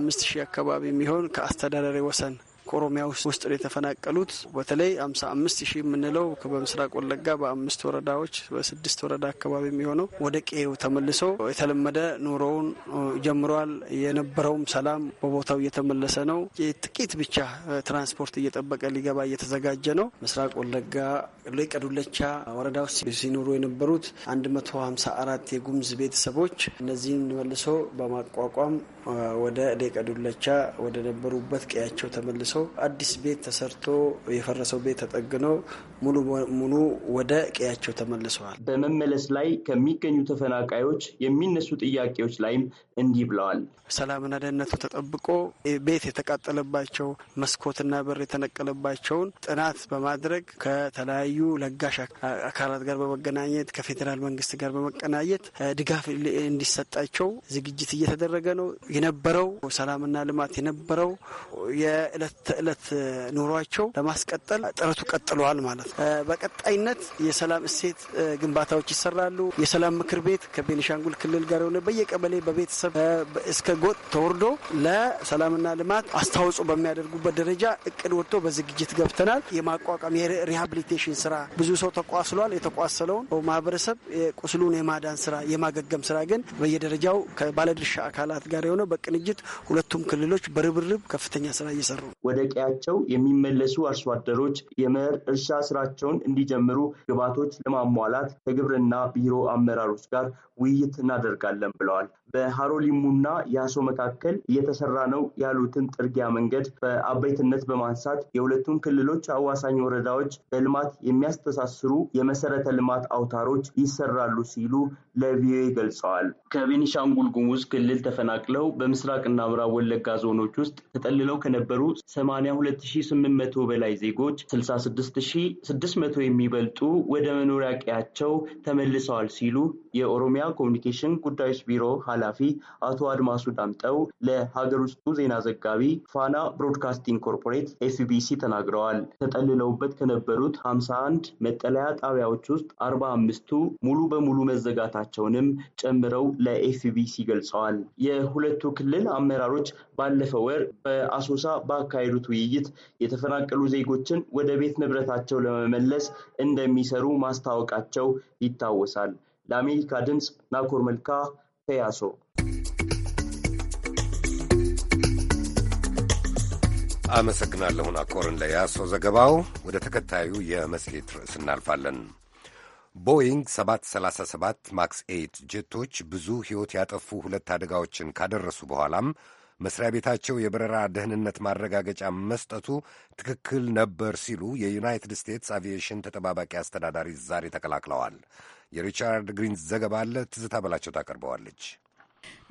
አምስት ሺህ አካባቢ የሚሆን ከአስተዳደሪ ወሰን ከኦሮሚያ ውስጥ ነው የተፈናቀሉት። በተለይ አምሳ አምስት ሺህ የምንለው በምስራቅ ወለጋ በአምስት ወረዳዎች በስድስት ወረዳ አካባቢ የሚሆነው ወደ ቀዬው ተመልሶ የተለመደ ኑሮውን ጀምረዋል። የነበረውም ሰላም በቦታው እየተመለሰ ነው። ጥቂት ብቻ ትራንስፖርት እየጠበቀ ሊገባ እየተዘጋጀ ነው። ምስራቅ ወለጋ ቀዱለቻ ወረዳ ውስጥ ሲኖሩ የነበሩት አራት የጉምዝ ቤተሰቦች እነዚህን መልሶ በማቋቋም ወደ ሌቀዱለቻ ወደ ነበሩበት ቀያቸው ተመልሶ አዲስ ቤት ተሰርቶ የፈረሰው ቤት ተጠግኖ ሙሉ በሙሉ ወደ ቀያቸው ተመልሰዋል። በመመለስ ላይ ከሚገኙ ተፈናቃዮች የሚነሱ ጥያቄዎች ላይም እንዲህ ብለዋል። ሰላምና ደህንነቱ ተጠብቆ ቤት የተቃጠለባቸው መስኮትና በር የተነቀለባቸውን ጥናት በማድረግ ከተለያዩ ለጋሽ አካላት ጋር በመገናኘት ከፌዴራል መንግስት ጋር በመቀናየት ድጋፍ እንዲሰጣቸው ዝግጅት እየተደረገ ነው። የነበረው ሰላምና ልማት የነበረው የዕለት ተዕለት ኑሯቸው ለማስቀጠል ጥረቱ ቀጥለዋል ማለት ነው። በቀጣይነት የሰላም እሴት ግንባታዎች ይሰራሉ። የሰላም ምክር ቤት ከቤኒሻንጉል ክልል ጋር የሆነ በየቀበሌ በቤተሰብ እስከ ጎጥ ተወርዶ ለሰላምና ልማት አስተዋጽኦ በሚያደርጉበት ደረጃ እቅድ ወጥቶ በዝግጅት ገብተናል። የማቋቋም የሪሃብሊቴሽን ስራ ብዙ ሰው ተቋስሏል። የተቋሰለውን ማህበረሰብ ቁስሉን የማዳን ስራ የማገገም ስራ ግን በየደረጃው ከባለድርሻ አካላት ጋር የሆነ በቅንጅት ሁለቱም ክልሎች በርብርብ ከፍተኛ ስራ እየሰሩ ወደ ቀያቸው የሚመለሱ አርሶ አደሮች የመኸር እርሻ ስራ ስራቸውን እንዲጀምሩ ግባቶች ለማሟላት ከግብርና ቢሮ አመራሮች ጋር ውይይት እናደርጋለን ብለዋል። በሃሮ ያሶ የአሶ መካከል እየተሰራ ነው ያሉትን ጥርጊያ መንገድ በአበይትነት በማንሳት የሁለቱን ክልሎች አዋሳኝ ወረዳዎች በልማት የሚያስተሳስሩ የመሰረተ ልማት አውታሮች ይሰራሉ ሲሉ ለቪኦኤ ገልጸዋል። ከቤኒሻንጉል ጉሙዝ ክልል ተፈናቅለው በምስራቅና ምዕራብ ወለጋ ዞኖች ውስጥ ተጠልለው ከነበሩ 82800 በላይ ዜጎች 66600 የሚበልጡ ወደ መኖሪያ ቀያቸው ተመልሰዋል ሲሉ የኦሮሚያ ኮሚኒኬሽን ጉዳዮች ቢሮ ኃላፊ አቶ አድማሱ ዳምጠው ለሀገር ውስጡ ዜና ዘጋቢ ፋና ብሮድካስቲንግ ኮርፖሬት ኤፍቢሲ ተናግረዋል። ተጠልለውበት ከነበሩት 51 መጠለያ ጣቢያዎች ውስጥ 45 ሙሉ በሙሉ መዘጋታቸውንም ጨምረው ለኤፍቢሲ ገልጸዋል። የሁለቱ ክልል አመራሮች ባለፈው ወር በአሶሳ ባካሄዱት ውይይት የተፈናቀሉ ዜጎችን ወደ ቤት ንብረታቸው ለመመለስ እንደሚሰሩ ማስታወቃቸው ይታወሳል። ለአሜሪካ ድምፅ ናኮር መልካ ተያሶ። አመሰግናለሁ ናኮርን ለያሶ ዘገባው። ወደ ተከታዩ የመጽሔት ርዕስ እናልፋለን። ቦይንግ 737 ማክስ 8 ጀቶች ብዙ ሕይወት ያጠፉ ሁለት አደጋዎችን ካደረሱ በኋላም መስሪያ ቤታቸው የበረራ ደህንነት ማረጋገጫ መስጠቱ ትክክል ነበር ሲሉ የዩናይትድ ስቴትስ አቪዬሽን ተጠባባቂ አስተዳዳሪ ዛሬ ተከላክለዋል። የሪቻርድ ግሪን ዘገባ አለ። ትዝታ በላቸው ታቀርበዋለች።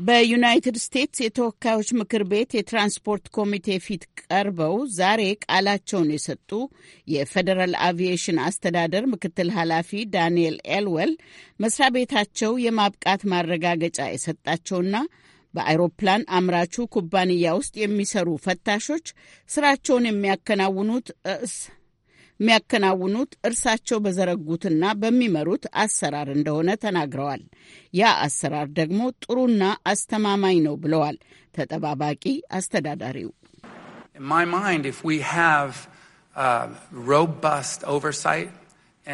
በዩናይትድ ስቴትስ የተወካዮች ምክር ቤት የትራንስፖርት ኮሚቴ ፊት ቀርበው ዛሬ ቃላቸውን የሰጡ የፌዴራል አቪዬሽን አስተዳደር ምክትል ኃላፊ ዳንኤል ኤልወል መስሪያ ቤታቸው የማብቃት ማረጋገጫ የሰጣቸውና በአይሮፕላን አምራቹ ኩባንያ ውስጥ የሚሰሩ ፈታሾች ስራቸውን የሚያከናውኑት ርዕስ የሚያከናውኑት እርሳቸው በዘረጉትና በሚመሩት አሰራር እንደሆነ ተናግረዋል። ያ አሰራር ደግሞ ጥሩና አስተማማኝ ነው ብለዋል ተጠባባቂ አስተዳዳሪው።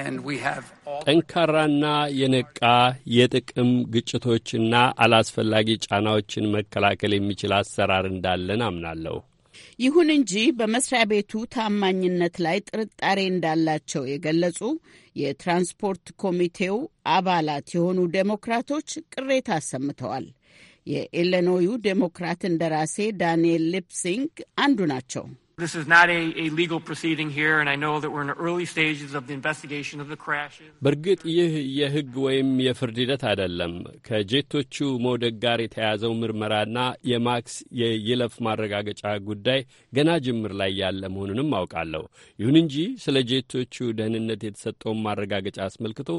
uh, ጠንካራና የነቃ የጥቅም ግጭቶችና አላስፈላጊ ጫናዎችን መከላከል የሚችል አሰራር እንዳለን አምናለሁ። ይሁን እንጂ በመስሪያ ቤቱ ታማኝነት ላይ ጥርጣሬ እንዳላቸው የገለጹ የትራንስፖርት ኮሚቴው አባላት የሆኑ ዴሞክራቶች ቅሬታ አሰምተዋል። የኢለኖዩ ዴሞክራት እንደራሴ ዳንኤል ሊፕሲንግ አንዱ ናቸው። This is not a, a legal proceeding here, and I know that we're in the early stages of the investigation of the crash. በእርግጥ ይህ የሕግ ወይም የፍርድ ሂደት አይደለም። ከጄቶቹ መውደቅ ጋር የተያያዘው ምርመራና የማክስ የይለፍ ማረጋገጫ ጉዳይ ገና ጅምር ላይ ያለ መሆኑንም አውቃለሁ። ይሁን እንጂ ስለ ጄቶቹ ደህንነት የተሰጠውን ማረጋገጫ አስመልክቶ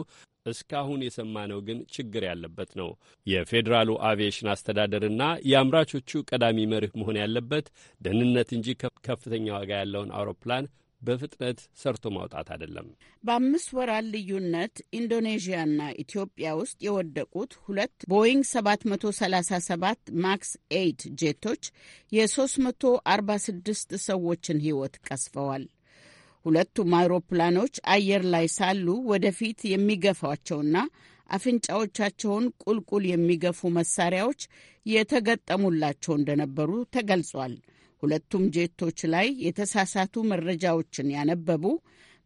እስካሁን የሰማነው ግን ችግር ያለበት ነው። የፌዴራሉ አቪዬሽን አስተዳደርና የአምራቾቹ ቀዳሚ መርህ መሆን ያለበት ደህንነት እንጂ ከፍተኛ ዋጋ ያለውን አውሮፕላን በፍጥነት ሰርቶ ማውጣት አይደለም። በአምስት ወራት ልዩነት ኢንዶኔዥያና ኢትዮጵያ ውስጥ የወደቁት ሁለት ቦይንግ 737 ማክስ 8 ጄቶች የ346 ሰዎችን ሕይወት ቀስፈዋል። ሁለቱም አውሮፕላኖች አየር ላይ ሳሉ ወደፊት የሚገፏቸውና አፍንጫዎቻቸውን ቁልቁል የሚገፉ መሳሪያዎች የተገጠሙላቸው እንደነበሩ ተገልጿል። ሁለቱም ጄቶች ላይ የተሳሳቱ መረጃዎችን ያነበቡ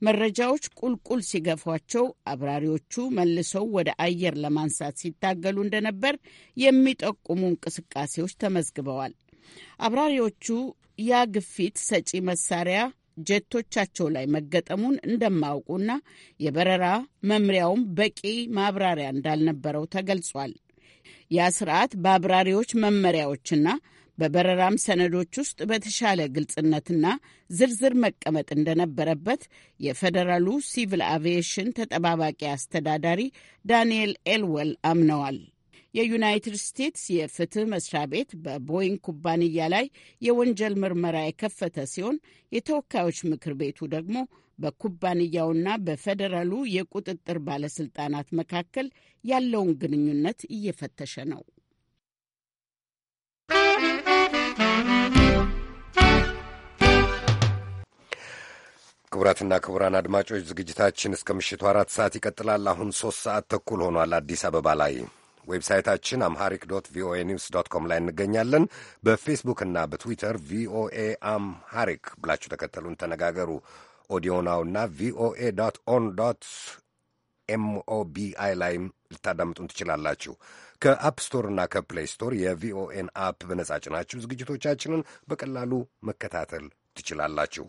መረጃዎች ቁልቁል ሲገፏቸው አብራሪዎቹ መልሰው ወደ አየር ለማንሳት ሲታገሉ እንደነበር የሚጠቁሙ እንቅስቃሴዎች ተመዝግበዋል። አብራሪዎቹ ያ ግፊት ሰጪ መሳሪያ ጀቶቻቸው ላይ መገጠሙን እንደማያውቁና የበረራ መምሪያውም በቂ ማብራሪያ እንዳልነበረው ተገልጿል። ያ ስርዓት በአብራሪዎች መመሪያዎችና በበረራም ሰነዶች ውስጥ በተሻለ ግልጽነትና ዝርዝር መቀመጥ እንደነበረበት የፌዴራሉ ሲቪል አቪዬሽን ተጠባባቂ አስተዳዳሪ ዳንኤል ኤልወል አምነዋል። የዩናይትድ ስቴትስ የፍትህ መስሪያ ቤት በቦይንግ ኩባንያ ላይ የወንጀል ምርመራ የከፈተ ሲሆን የተወካዮች ምክር ቤቱ ደግሞ በኩባንያውና በፌዴራሉ የቁጥጥር ባለስልጣናት መካከል ያለውን ግንኙነት እየፈተሸ ነው። ክቡራትና ክቡራን አድማጮች ዝግጅታችን እስከ ምሽቱ አራት ሰዓት ይቀጥላል። አሁን ሶስት ሰዓት ተኩል ሆኗል አዲስ አበባ ላይ ዌብሳይታችን አምሃሪክ ዶት ቪኦኤ ኒውስ ዶት ኮም ላይ እንገኛለን። በፌስቡክ እና በትዊተር ቪኦኤ አምሃሪክ ብላችሁ ተከተሉን፣ ተነጋገሩ። ኦዲዮናውና ቪኦኤ ዶት ኦን ዶት ኤምኦቢአይ ላይም ልታዳምጡን ትችላላችሁ። ከአፕ ስቶርና ከፕሌይ ስቶር የቪኦኤን አፕ በነጻ ጭናችሁ ዝግጅቶቻችንን በቀላሉ መከታተል ትችላላችሁ።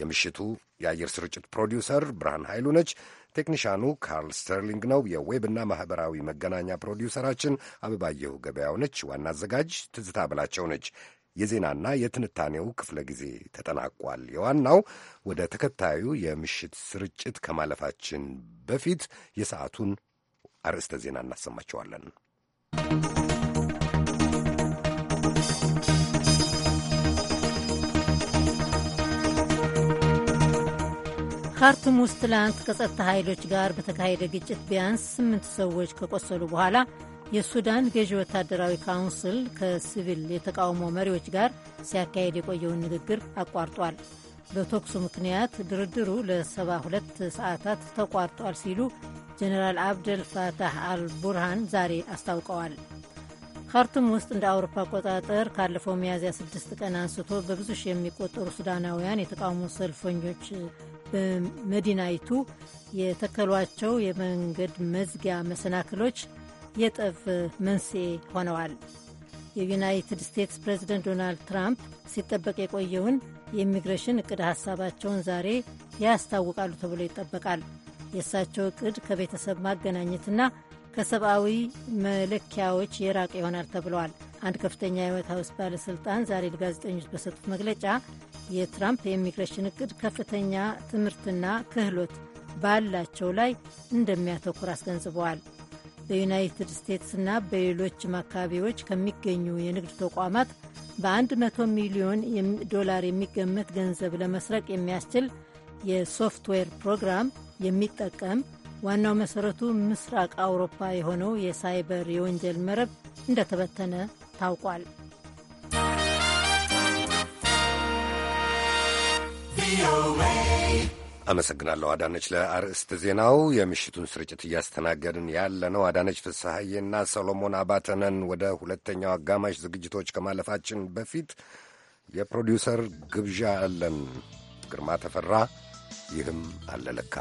የምሽቱ የአየር ስርጭት ፕሮዲውሰር ብርሃን ኃይሉ ነች። ቴክኒሻኑ ካርል ስተርሊንግ ነው። የዌብና ማኅበራዊ መገናኛ ፕሮዲውሰራችን አበባየሁ ገበያው ነች። ዋና አዘጋጅ ትዝታ ብላቸው ነች። የዜናና የትንታኔው ክፍለ ጊዜ ተጠናቋል። የዋናው ወደ ተከታዩ የምሽት ስርጭት ከማለፋችን በፊት የሰዓቱን አርዕስተ ዜና እናሰማቸዋለን። ካርቱም ውስጥ ትላንት ከጸጥታ ኃይሎች ጋር በተካሄደ ግጭት ቢያንስ ስምንት ሰዎች ከቆሰሉ በኋላ የሱዳን ገዢ ወታደራዊ ካውንስል ከሲቪል የተቃውሞ መሪዎች ጋር ሲያካሄድ የቆየውን ንግግር አቋርጧል። በተኩሱ ምክንያት ድርድሩ ለ72 ሰዓታት ተቋርጧል ሲሉ ጀኔራል አብደል ፋታህ አልቡርሃን ዛሬ አስታውቀዋል። ካርቱም ውስጥ እንደ አውሮፓ አቆጣጠር ካለፈው ሚያዝያ 6 ቀን አንስቶ በብዙ ሺህ የሚቆጠሩ ሱዳናውያን የተቃውሞ ሰልፈኞች በመዲናይቱ የተከሏቸው የመንገድ መዝጊያ መሰናክሎች የጠብ መንስኤ ሆነዋል። የዩናይትድ ስቴትስ ፕሬዝደንት ዶናልድ ትራምፕ ሲጠበቅ የቆየውን የኢሚግሬሽን እቅድ ሀሳባቸውን ዛሬ ያስታውቃሉ ተብሎ ይጠበቃል። የእሳቸው እቅድ ከቤተሰብ ማገናኘትና ከሰብአዊ መለኪያዎች የራቀ ይሆናል ተብለዋል። አንድ ከፍተኛ የዋይት ሀውስ ባለሥልጣን ዛሬ ለጋዜጠኞች በሰጡት መግለጫ የትራምፕ የኢሚግሬሽን እቅድ ከፍተኛ ትምህርትና ክህሎት ባላቸው ላይ እንደሚያተኩር አስገንዝበዋል። በዩናይትድ ስቴትስና በሌሎችም አካባቢዎች ከሚገኙ የንግድ ተቋማት በ100 ሚሊዮን ዶላር የሚገመት ገንዘብ ለመስረቅ የሚያስችል የሶፍትዌር ፕሮግራም የሚጠቀም ዋናው መሰረቱ ምስራቅ አውሮፓ የሆነው የሳይበር የወንጀል መረብ እንደተበተነ ታውቋል። አመሰግናለሁ አዳነች ለአርዕስት ዜናው። የምሽቱን ስርጭት እያስተናገድን ያለነው አዳነች ፍስሐዬና ሰሎሞን አባተነን። ወደ ሁለተኛው አጋማሽ ዝግጅቶች ከማለፋችን በፊት የፕሮዲውሰር ግብዣ አለን። ግርማ ተፈራ ይህም አለለካ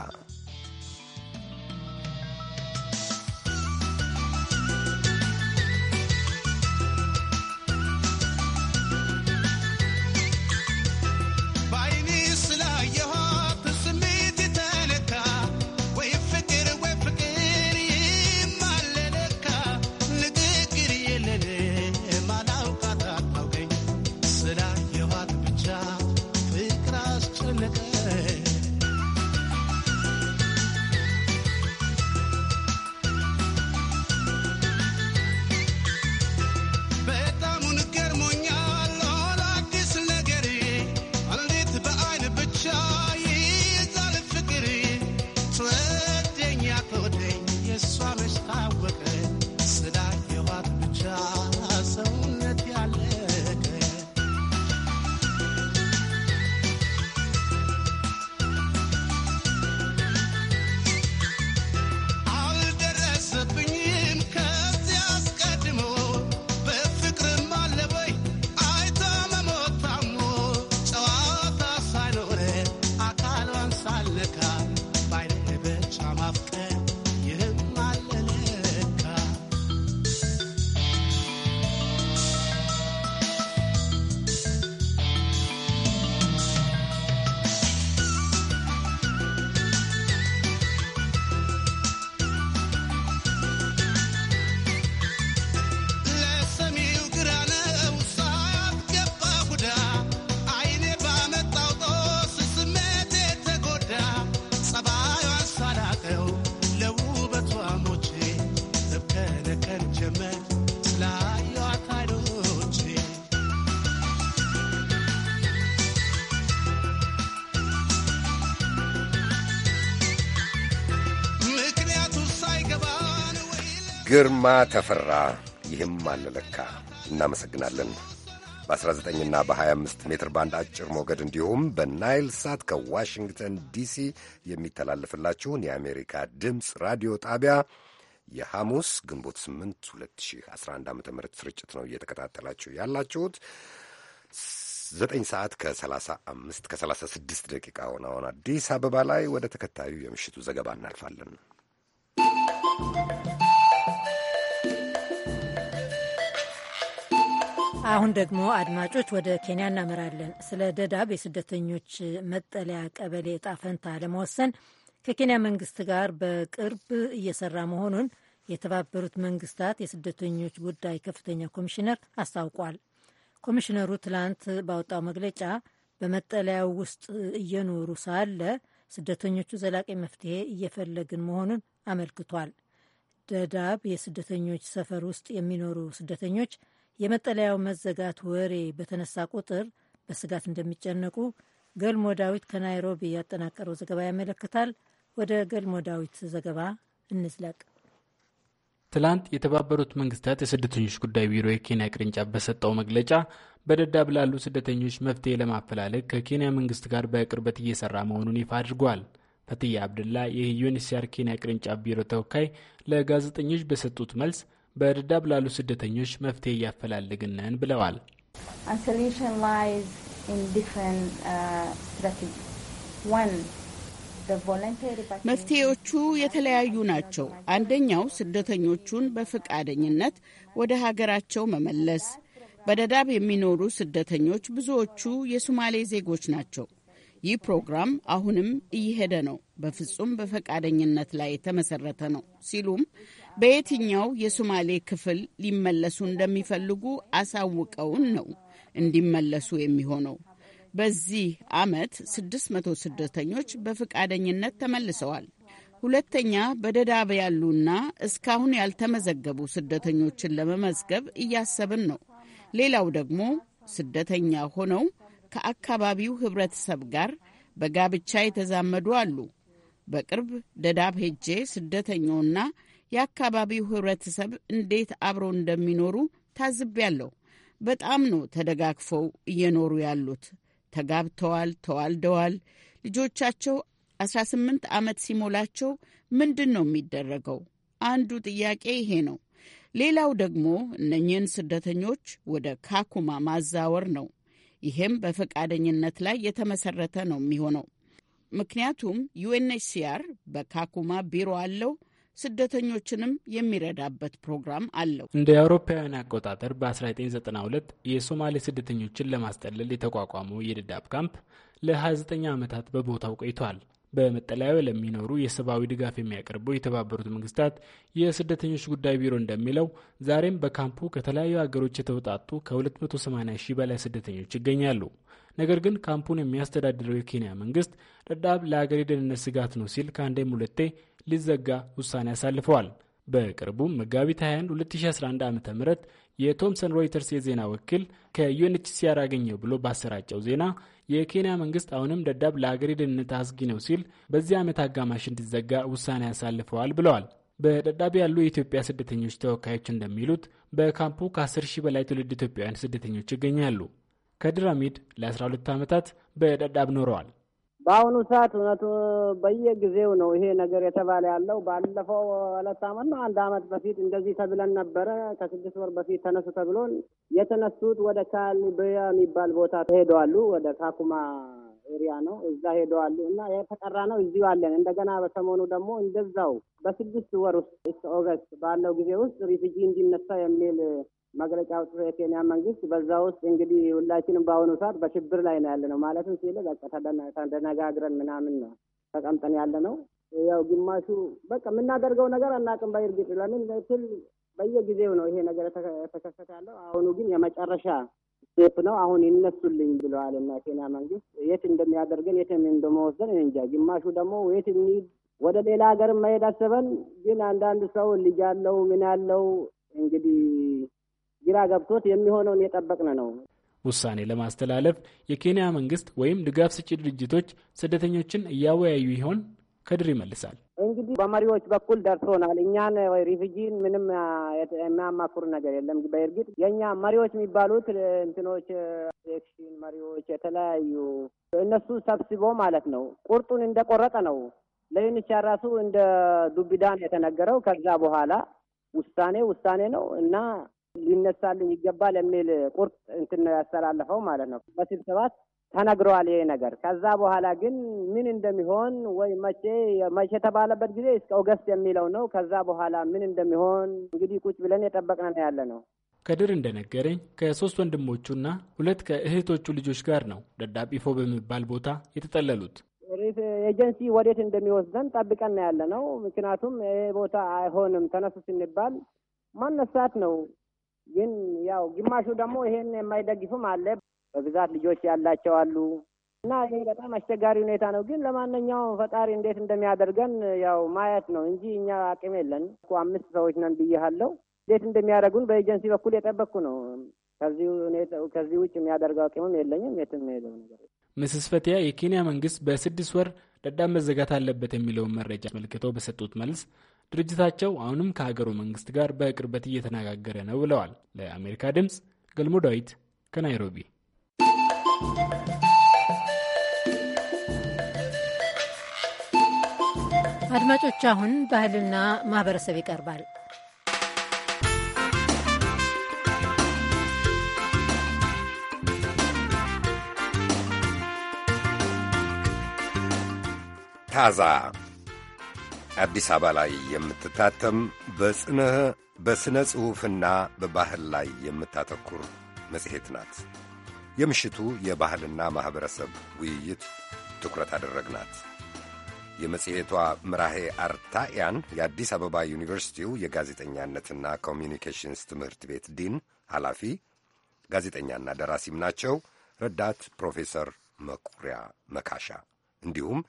ግርማ ተፈራ ይህም አለለካ እናመሰግናለን። በ19ና በ25 ሜትር ባንድ አጭር ሞገድ እንዲሁም በናይል ሳት ከዋሽንግተን ዲሲ የሚተላለፍላችሁን የአሜሪካ ድምፅ ራዲዮ ጣቢያ የሐሙስ ግንቦት 8 2011 ዓ ም ስርጭት ነው እየተከታተላችሁ ያላችሁት። 9 ሰዓት ከ35 ከ36 ደቂቃ ሆነ አሁን አዲስ አበባ ላይ። ወደ ተከታዩ የምሽቱ ዘገባ እናልፋለን። አሁን ደግሞ አድማጮች ወደ ኬንያ እናመራለን። ስለ ደዳብ የስደተኞች መጠለያ ቀበሌ እጣ ፈንታ ለመወሰን ከኬንያ መንግስት ጋር በቅርብ እየሰራ መሆኑን የተባበሩት መንግስታት የስደተኞች ጉዳይ ከፍተኛ ኮሚሽነር አስታውቋል። ኮሚሽነሩ ትላንት ባወጣው መግለጫ በመጠለያው ውስጥ እየኖሩ ሳለ ስደተኞቹ ዘላቂ መፍትሄ እየፈለግን መሆኑን አመልክቷል። ደዳብ የስደተኞች ሰፈር ውስጥ የሚኖሩ ስደተኞች የመጠለያው መዘጋት ወሬ በተነሳ ቁጥር በስጋት እንደሚጨነቁ ገልሞ ዳዊት ከናይሮቢ ያጠናቀረው ዘገባ ያመለክታል። ወደ ገልሞ ዳዊት ዘገባ እንዝለቅ። ትላንት የተባበሩት መንግስታት የስደተኞች ጉዳይ ቢሮ የኬንያ ቅርንጫፍ በሰጠው መግለጫ በደዳብ ላሉ ስደተኞች መፍትሄ ለማፈላለግ ከኬንያ መንግስት ጋር በቅርበት እየሰራ መሆኑን ይፋ አድርጓል። ፈትያ አብድላ የዩኤንኤችሲአር ኬንያ ቅርንጫፍ ቢሮ ተወካይ ለጋዜጠኞች በሰጡት መልስ በድዳብ ላሉ ስደተኞች መፍትሄ እያፈላለግን ብለዋል። uh, መፍትሄዎቹ የተለያዩ ናቸው። አንደኛው ስደተኞቹን በፈቃደኝነት ወደ ሀገራቸው መመለስ። በደዳብ የሚኖሩ ስደተኞች ብዙዎቹ የሱማሌ ዜጎች ናቸው። ይህ ፕሮግራም አሁንም እየሄደ ነው፣ በፍጹም በፈቃደኝነት ላይ የተመሰረተ ነው ሲሉም በየትኛው የሶማሌ ክፍል ሊመለሱ እንደሚፈልጉ አሳውቀውን ነው እንዲመለሱ የሚሆነው። በዚህ ዓመት 600 ስደተኞች በፈቃደኝነት ተመልሰዋል። ሁለተኛ በደዳብ ያሉና እስካሁን ያልተመዘገቡ ስደተኞችን ለመመዝገብ እያሰብን ነው። ሌላው ደግሞ ስደተኛ ሆነው ከአካባቢው ህብረተሰብ ጋር በጋብቻ የተዛመዱ አሉ። በቅርብ ደዳብ ሄጄ ስደተኛውና የአካባቢው ህብረተሰብ እንዴት አብረው እንደሚኖሩ ታዝቤያለሁ። በጣም ነው ተደጋግፈው እየኖሩ ያሉት። ተጋብተዋል፣ ተዋልደዋል። ልጆቻቸው 18 ዓመት ሲሞላቸው ምንድን ነው የሚደረገው? አንዱ ጥያቄ ይሄ ነው። ሌላው ደግሞ እነኚህን ስደተኞች ወደ ካኩማ ማዛወር ነው። ይህም በፈቃደኝነት ላይ የተመሰረተ ነው የሚሆነው። ምክንያቱም ዩኤንኤችሲአር በካኩማ ቢሮ አለው። ስደተኞችንም የሚረዳበት ፕሮግራም አለው። እንደ አውሮፓውያን አቆጣጠር በ1992 የሶማሌ ስደተኞችን ለማስጠለል የተቋቋመው የደዳብ ካምፕ ለ29 ዓመታት በቦታው ቆይቷል። በመጠለያው ለሚኖሩ የሰብአዊ ድጋፍ የሚያቀርበው የተባበሩት መንግስታት የስደተኞች ጉዳይ ቢሮ እንደሚለው ዛሬም በካምፑ ከተለያዩ ሀገሮች የተውጣጡ ከ280 ሺህ በላይ ስደተኞች ይገኛሉ። ነገር ግን ካምፑን የሚያስተዳድረው የኬንያ መንግስት ደዳብ ለአገር የደህንነት ስጋት ነው ሲል ከአንዴም ሁለቴ ሊዘጋ ውሳኔ አሳልፈዋል። በቅርቡ መጋቢት 21 2011 ዓ ም የቶምሰን ሮይተርስ የዜና ወኪል ከዩኤንኤችሲአር አገኘው ብሎ ባሰራጨው ዜና የኬንያ መንግስት አሁንም ደዳብ ለአገሬ ደህንነት አስጊ ነው ሲል በዚህ ዓመት አጋማሽ እንዲዘጋ ውሳኔ አሳልፈዋል ብለዋል። በደዳብ ያሉ የኢትዮጵያ ስደተኞች ተወካዮች እንደሚሉት በካምፑ ከ10 ሺህ በላይ ትውልድ ኢትዮጵያውያን ስደተኞች ይገኛሉ። ከድራሚድ ለ12 ዓመታት በደዳብ ኖረዋል። በአሁኑ ሰዓት እውነቱ በየጊዜው ነው ይሄ ነገር የተባለ ያለው። ባለፈው ሁለት አመት ነው አንድ አመት በፊት እንደዚህ ተብለን ነበረ። ከስድስት ወር በፊት ተነሱ ተብሎን የተነሱት ወደ ካልቢያ የሚባል ቦታ ሄደዋሉ። ወደ ካኩማ ኤሪያ ነው እዛ ሄደዋሉ እና የተጠራ ነው እዚሁ አለን። እንደገና በሰሞኑ ደግሞ እንደዛው በስድስት ወር ውስጥ ኦገስት ባለው ጊዜ ውስጥ ሪፍጂ እንዲነሳ የሚል መግለጫ አውጥቶ የኬንያ መንግስት በዛ ውስጥ እንግዲህ ሁላችንም በአሁኑ ሰዓት በሽብር ላይ ነው ያለ ነው ማለትም ሲል በቃ ተደነጋግረን ምናምን ነው ተቀምጠን ያለ ነው። ያው ግማሹ በቃ የምናደርገው ነገር አናውቅም በእርግጥ ለምን ትል በየጊዜው ነው ይሄ ነገር የተከሰተ ያለው። አሁኑ ግን የመጨረሻ ስቴፕ ነው። አሁን ይነሱልኝ ብለዋል እና ኬንያ መንግስት የት እንደሚያደርገን የት እንደመወሰን እንጃ። ግማሹ ደግሞ የት የሚሄድ ወደ ሌላ ሀገር መሄድ አስበን ግን አንዳንድ ሰው ልጅ ያለው ምን ያለው እንግዲህ ግራ ገብቶት የሚሆነውን የጠበቅን ነው። ውሳኔ ለማስተላለፍ የኬንያ መንግስት ወይም ድጋፍ ስጪ ድርጅቶች ስደተኞችን እያወያዩ ይሆን? ከድር ይመልሳል። እንግዲህ በመሪዎች በኩል ደርሶናል። እኛን ሪፍጂን ምንም የሚያማክሩ ነገር የለም። በእርግጥ የእኛ መሪዎች የሚባሉት እንትኖች ኤክሽን መሪዎች የተለያዩ እነሱ ሰብስቦ ማለት ነው ቁርጡን እንደቆረጠ ነው ለዩኒቻ ራሱ እንደ ዱቢዳን የተነገረው ከዛ በኋላ ውሳኔ ውሳኔ ነው እና ሊነሳልኝ ይገባል የሚል ቁርጥ እንትን ነው ያስተላለፈው ማለት ነው። በስብሰባት ተነግረዋል ይሄ ነገር። ከዛ በኋላ ግን ምን እንደሚሆን ወይ መቼ መቼ የተባለበት ጊዜ እስከ ኦገስት የሚለው ነው። ከዛ በኋላ ምን እንደሚሆን እንግዲህ ቁጭ ብለን የጠበቅን ነው ያለ ነው። ከድር እንደነገረኝ ከሶስት ወንድሞቹና ሁለት ከእህቶቹ ልጆች ጋር ነው ደዳቢፎ በሚባል ቦታ የተጠለሉት። ኤጀንሲ ወዴት እንደሚወስደን ጠብቀን ያለ ነው። ምክንያቱም ይሄ ቦታ አይሆንም ተነሱ ስንባል ማነሳት ነው ግን ያው ግማሹ ደግሞ ይሄን የማይደግፍም አለ። በብዛት ልጆች ያላቸው አሉ እና ይሄ በጣም አስቸጋሪ ሁኔታ ነው። ግን ለማንኛውም ፈጣሪ እንዴት እንደሚያደርገን ያው ማየት ነው እንጂ እኛ አቅም የለን እኮ አምስት ሰዎች ነን ብያለሁ። እንዴት እንደሚያደርጉን በኤጀንሲ በኩል የጠበቅኩ ነው። ከዚህ ውጭ የሚያደርገው አቅምም የለኝም። የትም ሄደው ነገር ምስስ ፈቲያ የኬንያ መንግስት በስድስት ወር ደዳብ መዘጋት አለበት የሚለውን መረጃ አስመልክተው በሰጡት መልስ ድርጅታቸው አሁንም ከሀገሩ መንግስት ጋር በቅርበት እየተነጋገረ ነው ብለዋል። ለአሜሪካ ድምፅ ገልሞ ዳዊት ከናይሮቢ። አድማጮች፣ አሁን ባህልና ማህበረሰብ ይቀርባል። ታዛ አዲስ አበባ ላይ የምትታተም በሥነ ጽሑፍና በባህል ላይ የምታተኩር መጽሔት ናት። የምሽቱ የባህልና ማኅበረሰብ ውይይት ትኩረት አደረግናት። የመጽሔቷ ምራሄ አርታኢያን የአዲስ አበባ ዩኒቨርሲቲው የጋዜጠኛነትና ኮሚኒኬሽንስ ትምህርት ቤት ዲን ኃላፊ ጋዜጠኛና ደራሲም ናቸው። ረዳት ፕሮፌሰር መኩሪያ መካሻ እንዲሁም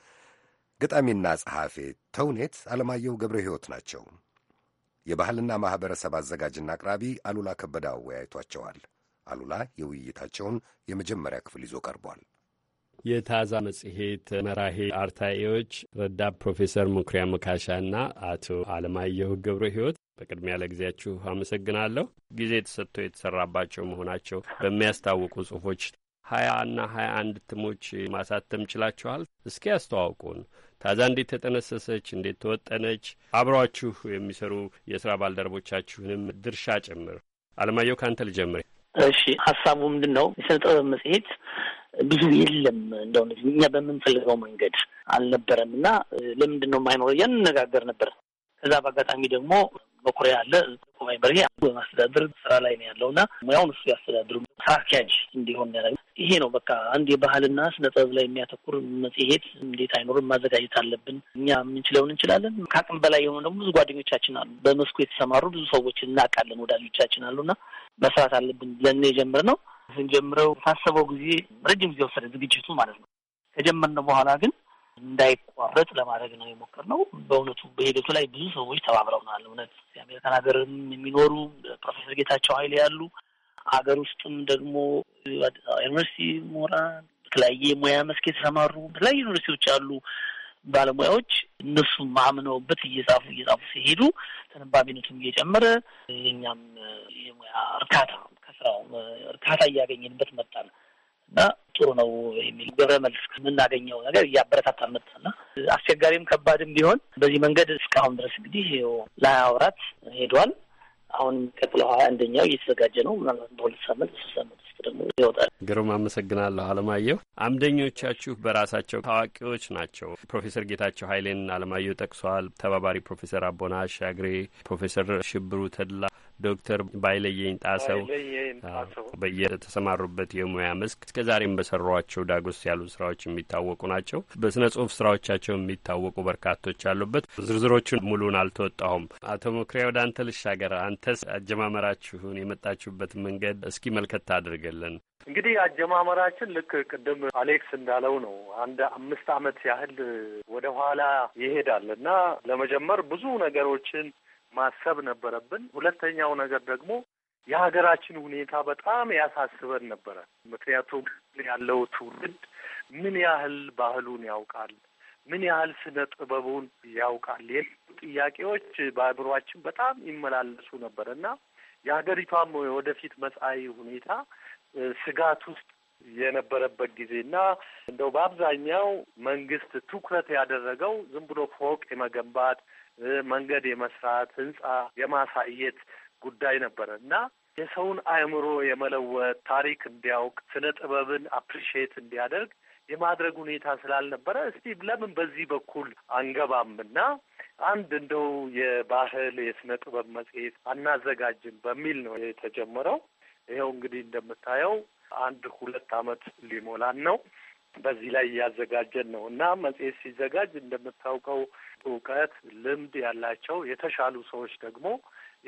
ገጣሚና ጸሐፊ ተውኔት አለማየሁ ገብረ ሕይወት ናቸው። የባህልና ማኅበረሰብ አዘጋጅና አቅራቢ አሉላ ከበደ አወያይቷቸዋል። አሉላ የውይይታቸውን የመጀመሪያ ክፍል ይዞ ቀርቧል። የታዛ መጽሔት መራሄ አርታኤዎች ረዳት ፕሮፌሰር ሙክሪያ መካሻና አቶ አለማየሁ ገብረ ሕይወት በቅድሚያ ለጊዜያችሁ አመሰግናለሁ። ጊዜ ተሰጥቶ የተሰራባቸው መሆናቸው በሚያስታውቁ ጽሁፎች ሀያ እና ሀያ አንድ እትሞች ማሳተም ችላችኋል። እስኪ ያስተዋውቁን። ታዛ እንዴት ተጠነሰሰች? እንዴት ተወጠነች? አብሯችሁ የሚሰሩ የስራ ባልደረቦቻችሁንም ድርሻ ጭምር። አለማየሁ ከአንተ ልጀምር። እሺ፣ ሀሳቡ ምንድን ነው? የስነ ጥበብ መጽሔት ብዙ የለም እንደሆነ እኛ በምንፈልገው መንገድ አልነበረም እና ለምንድን ነው የማይኖር እያልን እንነጋገር ነበር። ከዛ በአጋጣሚ ደግሞ መኩሪያ አለ ኮማይ በርጌ በማስተዳደር ስራ ላይ ነው ያለው እና ሙያውን እሱ ያስተዳድሩ ስራ አስኪያጅ እንዲሆን ያደረገ ይሄ ነው። በቃ አንድ የባህልና ስነ ጥበብ ላይ የሚያተኩር መጽሔት እንዴት አይኖርም ማዘጋጀት አለብን። እኛ የምንችለውን እንችላለን። ከአቅም በላይ የሆኑ ደግሞ ብዙ ጓደኞቻችን አሉ። በመስኩ የተሰማሩ ብዙ ሰዎች እናውቃለን፣ ወዳጆቻችን አሉና መስራት አለብን ብለን የጀመርነው ስንጀምረው ታሰበው ጊዜ ረጅም ጊዜ ወሰደ ዝግጅቱ ማለት ነው። ከጀመርነው በኋላ ግን እንዳይቋረጥ ለማድረግ ነው የሞከርነው። በእውነቱ በሂደቱ ላይ ብዙ ሰዎች ተባብረውናል። እውነት የአሜሪካን ሀገርም የሚኖሩ ፕሮፌሰር ጌታቸው ኃይሌ ያሉ ሀገር ውስጥም ደግሞ ዩኒቨርሲቲ ምሁራን፣ በተለያየ ሙያ መስክ የተሰማሩ በተለያዩ ዩኒቨርሲቲዎች ያሉ ባለሙያዎች እነሱም አምነውበት እየጻፉ እየጻፉ ሲሄዱ ተነባቢነቱም እየጨመረ የኛም የሙያ እርካታ ከስራው እርካታ እያገኘንበት መጣ ነው። እና ጥሩ ነው የሚል ግብረ መልስ የምናገኘው ነገር እያበረታታ መጣና አስቸጋሪም ከባድም ቢሆን በዚህ መንገድ እስካሁን ድረስ እንግዲህ ለሀያ ወራት ሄዷል። አሁን የሚቀጥለው ሀያ አንደኛው እየተዘጋጀ ነው። ምናልባት በሁለት ሳምንት ሶስት ሳምንት ደግሞ ይወጣል። ግሩም አመሰግናለሁ አለማየሁ። አምደኞቻችሁ በራሳቸው ታዋቂዎች ናቸው። ፕሮፌሰር ጌታቸው ኃይሌን አለማየሁ ጠቅሷል። ተባባሪ ፕሮፌሰር አቦና አሻግሬ፣ ፕሮፌሰር ሽብሩ ተድላ ዶክተር ባይለየኝ ጣሰው በየተሰማሩበት የሙያ መስክ እስከ ዛሬም በሰሯቸው ዳጎስ ያሉ ስራዎች የሚታወቁ ናቸው። በስነ ጽሁፍ ስራዎቻቸው የሚታወቁ በርካቶች አሉበት። ዝርዝሮቹን ሙሉን አልተወጣሁም። አቶ መኩሪያ ወደ አንተ ልሻገር። አንተስ አጀማመራችሁን የመጣችሁበት መንገድ እስኪ መልከት አድርገ ያድርግልን። እንግዲህ አጀማመራችን ልክ ቅድም አሌክስ እንዳለው ነው። አንድ አምስት ዓመት ያህል ወደ ኋላ ይሄዳል እና ለመጀመር ብዙ ነገሮችን ማሰብ ነበረብን። ሁለተኛው ነገር ደግሞ የሀገራችን ሁኔታ በጣም ያሳስበን ነበረ። ምክንያቱም ያለው ትውልድ ምን ያህል ባህሉን ያውቃል፣ ምን ያህል ስነ ጥበቡን ያውቃል የሚሉ ጥያቄዎች በአእምሯችን በጣም ይመላለሱ ነበር እና የሀገሪቷም ወደፊት መጻኢ ሁኔታ ስጋት ውስጥ የነበረበት ጊዜ እና እንደው በአብዛኛው መንግስት ትኩረት ያደረገው ዝም ብሎ ፎቅ የመገንባት መንገድ የመስራት ህንጻ የማሳየት ጉዳይ ነበረ እና የሰውን አእምሮ የመለወጥ ታሪክ እንዲያውቅ ስነ ጥበብን አፕሪሺየት እንዲያደርግ የማድረግ ሁኔታ ስላልነበረ እስቲ ለምን በዚህ በኩል አንገባም እና አንድ እንደው የባህል የስነ ጥበብ መጽሔት አናዘጋጅም በሚል ነው የተጀመረው። ይኸው እንግዲህ እንደምታየው አንድ ሁለት አመት ሊሞላን ነው። በዚህ ላይ እያዘጋጀን ነው እና መጽሔት ሲዘጋጅ እንደምታውቀው እውቀት፣ ልምድ ያላቸው የተሻሉ ሰዎች ደግሞ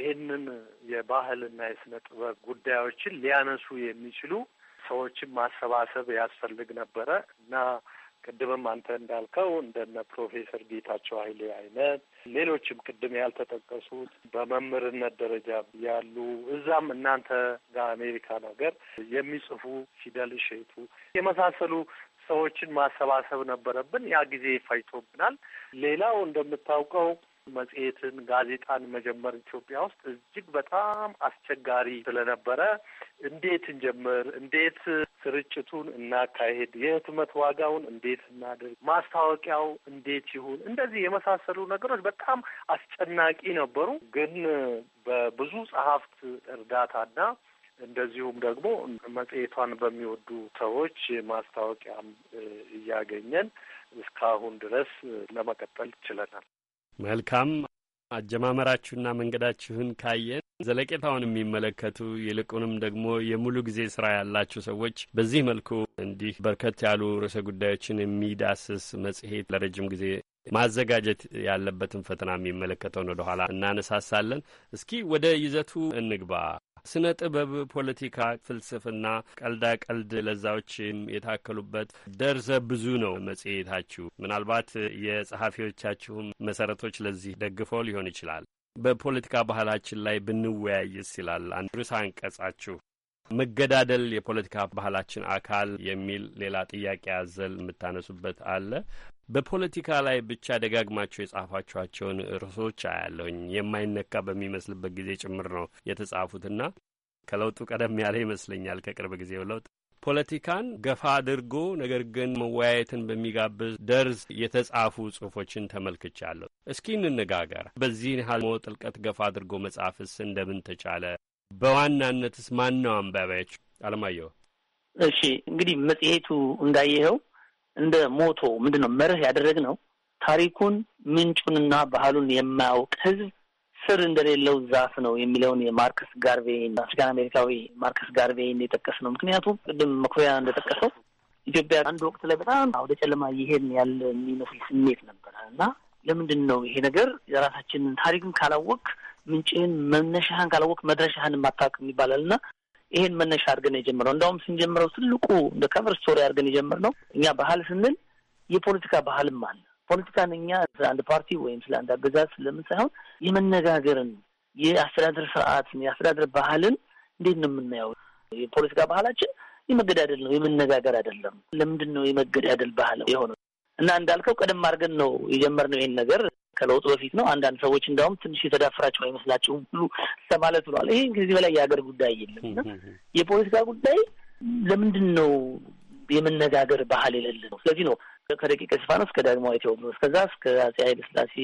ይህንን የባህልና የስነ ጥበብ ጉዳዮችን ሊያነሱ የሚችሉ ሰዎችን ማሰባሰብ ያስፈልግ ነበረ እና ቅድምም አንተ እንዳልከው እንደነ ፕሮፌሰር ጌታቸው ኃይሌ አይነት ሌሎችም ቅድም ያልተጠቀሱት በመምህርነት ደረጃ ያሉ እዛም እናንተ ጋር አሜሪካ ነገር የሚጽፉ ፊደል እሸቱ የመሳሰሉ ሰዎችን ማሰባሰብ ነበረብን። ያ ጊዜ ፈጅቶብናል። ሌላው እንደምታውቀው መጽሔትን፣ ጋዜጣን መጀመር ኢትዮጵያ ውስጥ እጅግ በጣም አስቸጋሪ ስለነበረ እንዴት እንጀምር እንዴት ስርጭቱን እናካሄድ፣ የህትመት ዋጋውን እንዴት እናደርግ ማስታወቂያው እንዴት ይሁን፣ እንደዚህ የመሳሰሉ ነገሮች በጣም አስጨናቂ ነበሩ። ግን በብዙ ጸሐፍት እርዳታና እንደዚሁም ደግሞ መጽሔቷን በሚወዱ ሰዎች ማስታወቂያም እያገኘን እስካሁን ድረስ ለመቀጠል ችለናል። መልካም አጀማመራችሁና መንገዳችሁን ካየን ዘለቄታውን የሚመለከቱ ይልቁንም ደግሞ የሙሉ ጊዜ ስራ ያላችሁ ሰዎች በዚህ መልኩ እንዲህ በርከት ያሉ ርዕሰ ጉዳዮችን የሚዳስስ መጽሔት ለረጅም ጊዜ ማዘጋጀት ያለበትን ፈተና የሚመለከተውን ወደኋላ እናነሳሳለን። እስኪ ወደ ይዘቱ እንግባ። ስነ ጥበብ፣ ፖለቲካ፣ ፍልስፍና፣ ቀልዳ ቀልድ ለዛዎችም የታከሉበት ደርዘ ብዙ ነው መጽሔታችሁ። ምናልባት የጸሐፊዎቻችሁም መሰረቶች ለዚህ ደግፈው ሊሆን ይችላል። በፖለቲካ ባህላችን ላይ ብንወያይስ ይላል አንድ ርዕሰ አንቀጻችሁ። መገዳደል የፖለቲካ ባህላችን አካል የሚል ሌላ ጥያቄ አዘል የምታነሱበት አለ። በፖለቲካ ላይ ብቻ ደጋግማቸው የጻፏቸዋቸውን ርዕሶች አያለሁኝ። የማይነካ በሚመስልበት ጊዜ ጭምር ነው የተጻፉትና ከለውጡ ቀደም ያለ ይመስለኛል ከቅርብ ጊዜው ለውጥ ፖለቲካን ገፋ አድርጎ ነገር ግን መወያየትን በሚጋብዝ ደርዝ የተጻፉ ጽሁፎችን ተመልክቻለሁ። እስኪ እንነጋገር። በዚህ ያህል ጥልቀት ገፋ አድርጎ መጻፍስ እንደምን ተቻለ? በዋናነትስ ማን ነው አንባቢያችሁ? አለማየሁ። እሺ እንግዲህ መጽሔቱ እንዳየኸው እንደ ሞቶ ምንድን ነው መርህ ያደረግነው ታሪኩን ምንጩንና ባህሉን የማያውቅ ህዝብ ስር እንደሌለው ዛፍ ነው የሚለውን የማርክስ ጋርቬይን አፍሪካን አሜሪካዊ ማርክስ ጋርቬይን የጠቀስ ነው። ምክንያቱም ቅድም መኩሪያ እንደጠቀሰው ኢትዮጵያ አንድ ወቅት ላይ በጣም ወደ ጨለማ ይሄን ያለ የሚመስል ስሜት ነበረ እና ለምንድን ነው ይሄ ነገር የራሳችንን ታሪክን ካላወቅ ምንጭህን መነሻህን ካላወቅ መድረሻህን ማታወቅ ይባላል እና ይሄን መነሻ አድርገን የጀመርነው እንደውም ስንጀምረው ትልቁ እንደ ከቨር ስቶሪ አድርገን የጀመርነው እኛ ባህል ስንል የፖለቲካ ባህልም አለ። ፖለቲካን እኛ ስለ አንድ ፓርቲ ወይም ስለ አንድ አገዛዝ ስለምን ሳይሆን የመነጋገርን፣ የአስተዳደር ስርዓትን፣ የአስተዳደር ባህልን እንዴት ነው የምናየው? የፖለቲካ ባህላችን የመገዳደል ነው፣ የመነጋገር አይደለም። ለምንድን ነው የመገዳደል ባህል የሆነው? እና እንዳልከው ቀደም አድርገን ነው የጀመርነው ይሄን ነገር ከለውጡ በፊት ነው። አንዳንድ ሰዎች እንዲያውም ትንሽ የተዳፍራቸው አይመስላቸውም ሁሉ ለማለት ብለዋል። ይህ ከዚህ በላይ የሀገር ጉዳይ የለም እና የፖለቲካ ጉዳይ ለምንድን ነው የመነጋገር ባህል የሌለ ነው? ስለዚህ ነው ከደቂቀ እስጢፋኖስ እስከ ዳግማዊ ቴዎድሮስ እስከዛ እስከ አጼ ኃይለ ሥላሴ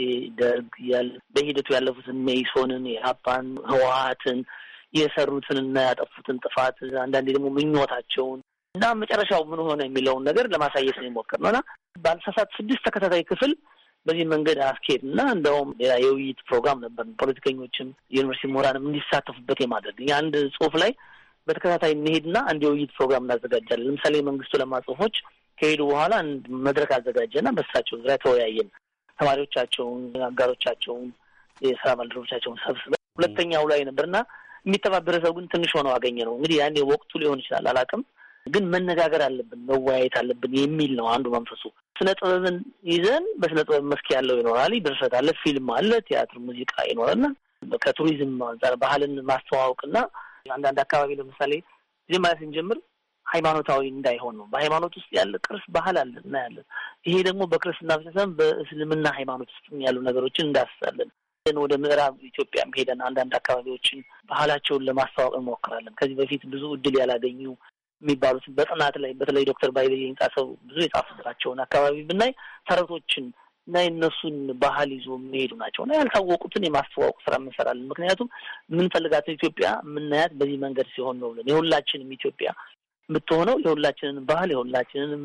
ደርግ ያለ በሂደቱ ያለፉትን ሜይሶንን፣ የሀፓን፣ ህወሀትን የሰሩትንና ያጠፉትን ጥፋት አንዳንዴ ደግሞ ምኞታቸውን እና መጨረሻው ምን ሆነ የሚለውን ነገር ለማሳየት ነው ነው እና ባልሳሳት ስድስት ተከታታይ ክፍል በዚህ መንገድ አስኬድ እና እንደውም ሌላ የውይይት ፕሮግራም ነበር። ፖለቲከኞችም የዩኒቨርሲቲ ምሁራንም እንዲሳተፉበት የማድረግ አንድ ጽሁፍ ላይ በተከታታይ እንሄድና አንድ የውይይት ፕሮግራም እናዘጋጃለን። ለምሳሌ መንግስቱ ለማ ጽሁፎች ከሄዱ በኋላ መድረክ አዘጋጀና በሳቸው ዙሪያ ተወያየን። ተማሪዎቻቸውን፣ አጋሮቻቸውን፣ የስራ ባልደረቦቻቸውን ሰብስበ ሁለተኛው ላይ ነበርና የሚተባበረ ሰው ግን ትንሽ ሆነው አገኘ ነው። እንግዲህ ያኔ ወቅቱ ሊሆን ይችላል አላውቅም። ግን መነጋገር አለብን፣ መወያየት አለብን የሚል ነው አንዱ መንፈሱ። ስነ ጥበብን ይዘን በስነ ጥበብ መስክ ያለው ይኖራል፣ ድርሰት አለ፣ ፊልም አለ፣ ቲያትር፣ ሙዚቃ ይኖራልና ከቱሪዝም አንጻር ባህልን ማስተዋወቅና አንዳንድ አካባቢ ለምሳሌ ማለት ስንጀምር ሃይማኖታዊ እንዳይሆን ነው። በሃይማኖት ውስጥ ያለ ቅርስ ባህል አለ እናያለን። ይሄ ደግሞ በክርስትና ብቻ ሳይሆን በእስልምና ሃይማኖት ውስጥ ያሉ ነገሮችን እንዳስሳለን። ወደ ምዕራብ ኢትዮጵያም ሄደን አንዳንድ አካባቢዎችን ባህላቸውን ለማስተዋወቅ እንሞክራለን። ከዚህ በፊት ብዙ እድል ያላገኙ የሚባሉት በጥናት ላይ በተለይ ዶክተር ባይበየኝ ጣሰው ብዙ የጻፉባቸውን አካባቢ ብናይ ተረቶችን እና የእነሱን ባህል ይዞ የሚሄዱ ናቸው እና ያልታወቁትን የማስተዋወቅ ስራ እንሰራለን። ምክንያቱም የምንፈልጋትን ኢትዮጵያ የምናያት በዚህ መንገድ ሲሆን ነው ብለን የሁላችንም ኢትዮጵያ የምትሆነው የሁላችንን ባህል የሁላችንንም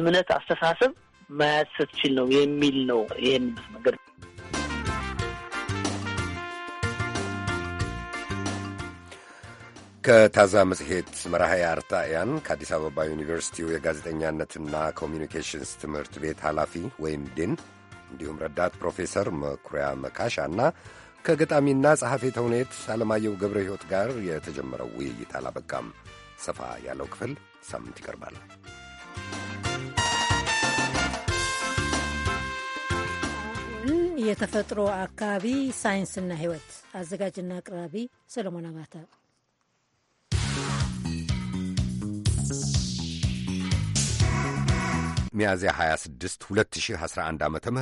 እምነት፣ አስተሳሰብ መያዝ ስትችል ነው የሚል ነው ይህን መንገድ ከታዛ መጽሔት መራሃይ አርታያን ከአዲስ አበባ ዩኒቨርሲቲው የጋዜጠኛነትና ኮሚኒኬሽንስ ትምህርት ቤት ኃላፊ ወይም ዲን እንዲሁም ረዳት ፕሮፌሰር መኩሪያ እና ከገጣሚና ጸሐፌ ተውኔት አለማየሁ ገብረ ሕይወት ጋር የተጀመረው ውይይት አላበቃም። ሰፋ ያለው ክፍል ሳምንት ይቀርባል። የተፈጥሮ አካባቢ ሳይንስና ሕይወት አዘጋጅና አቅራቢ ሰለሞን አባተ ሚያዝያ 26 2011 ዓ ም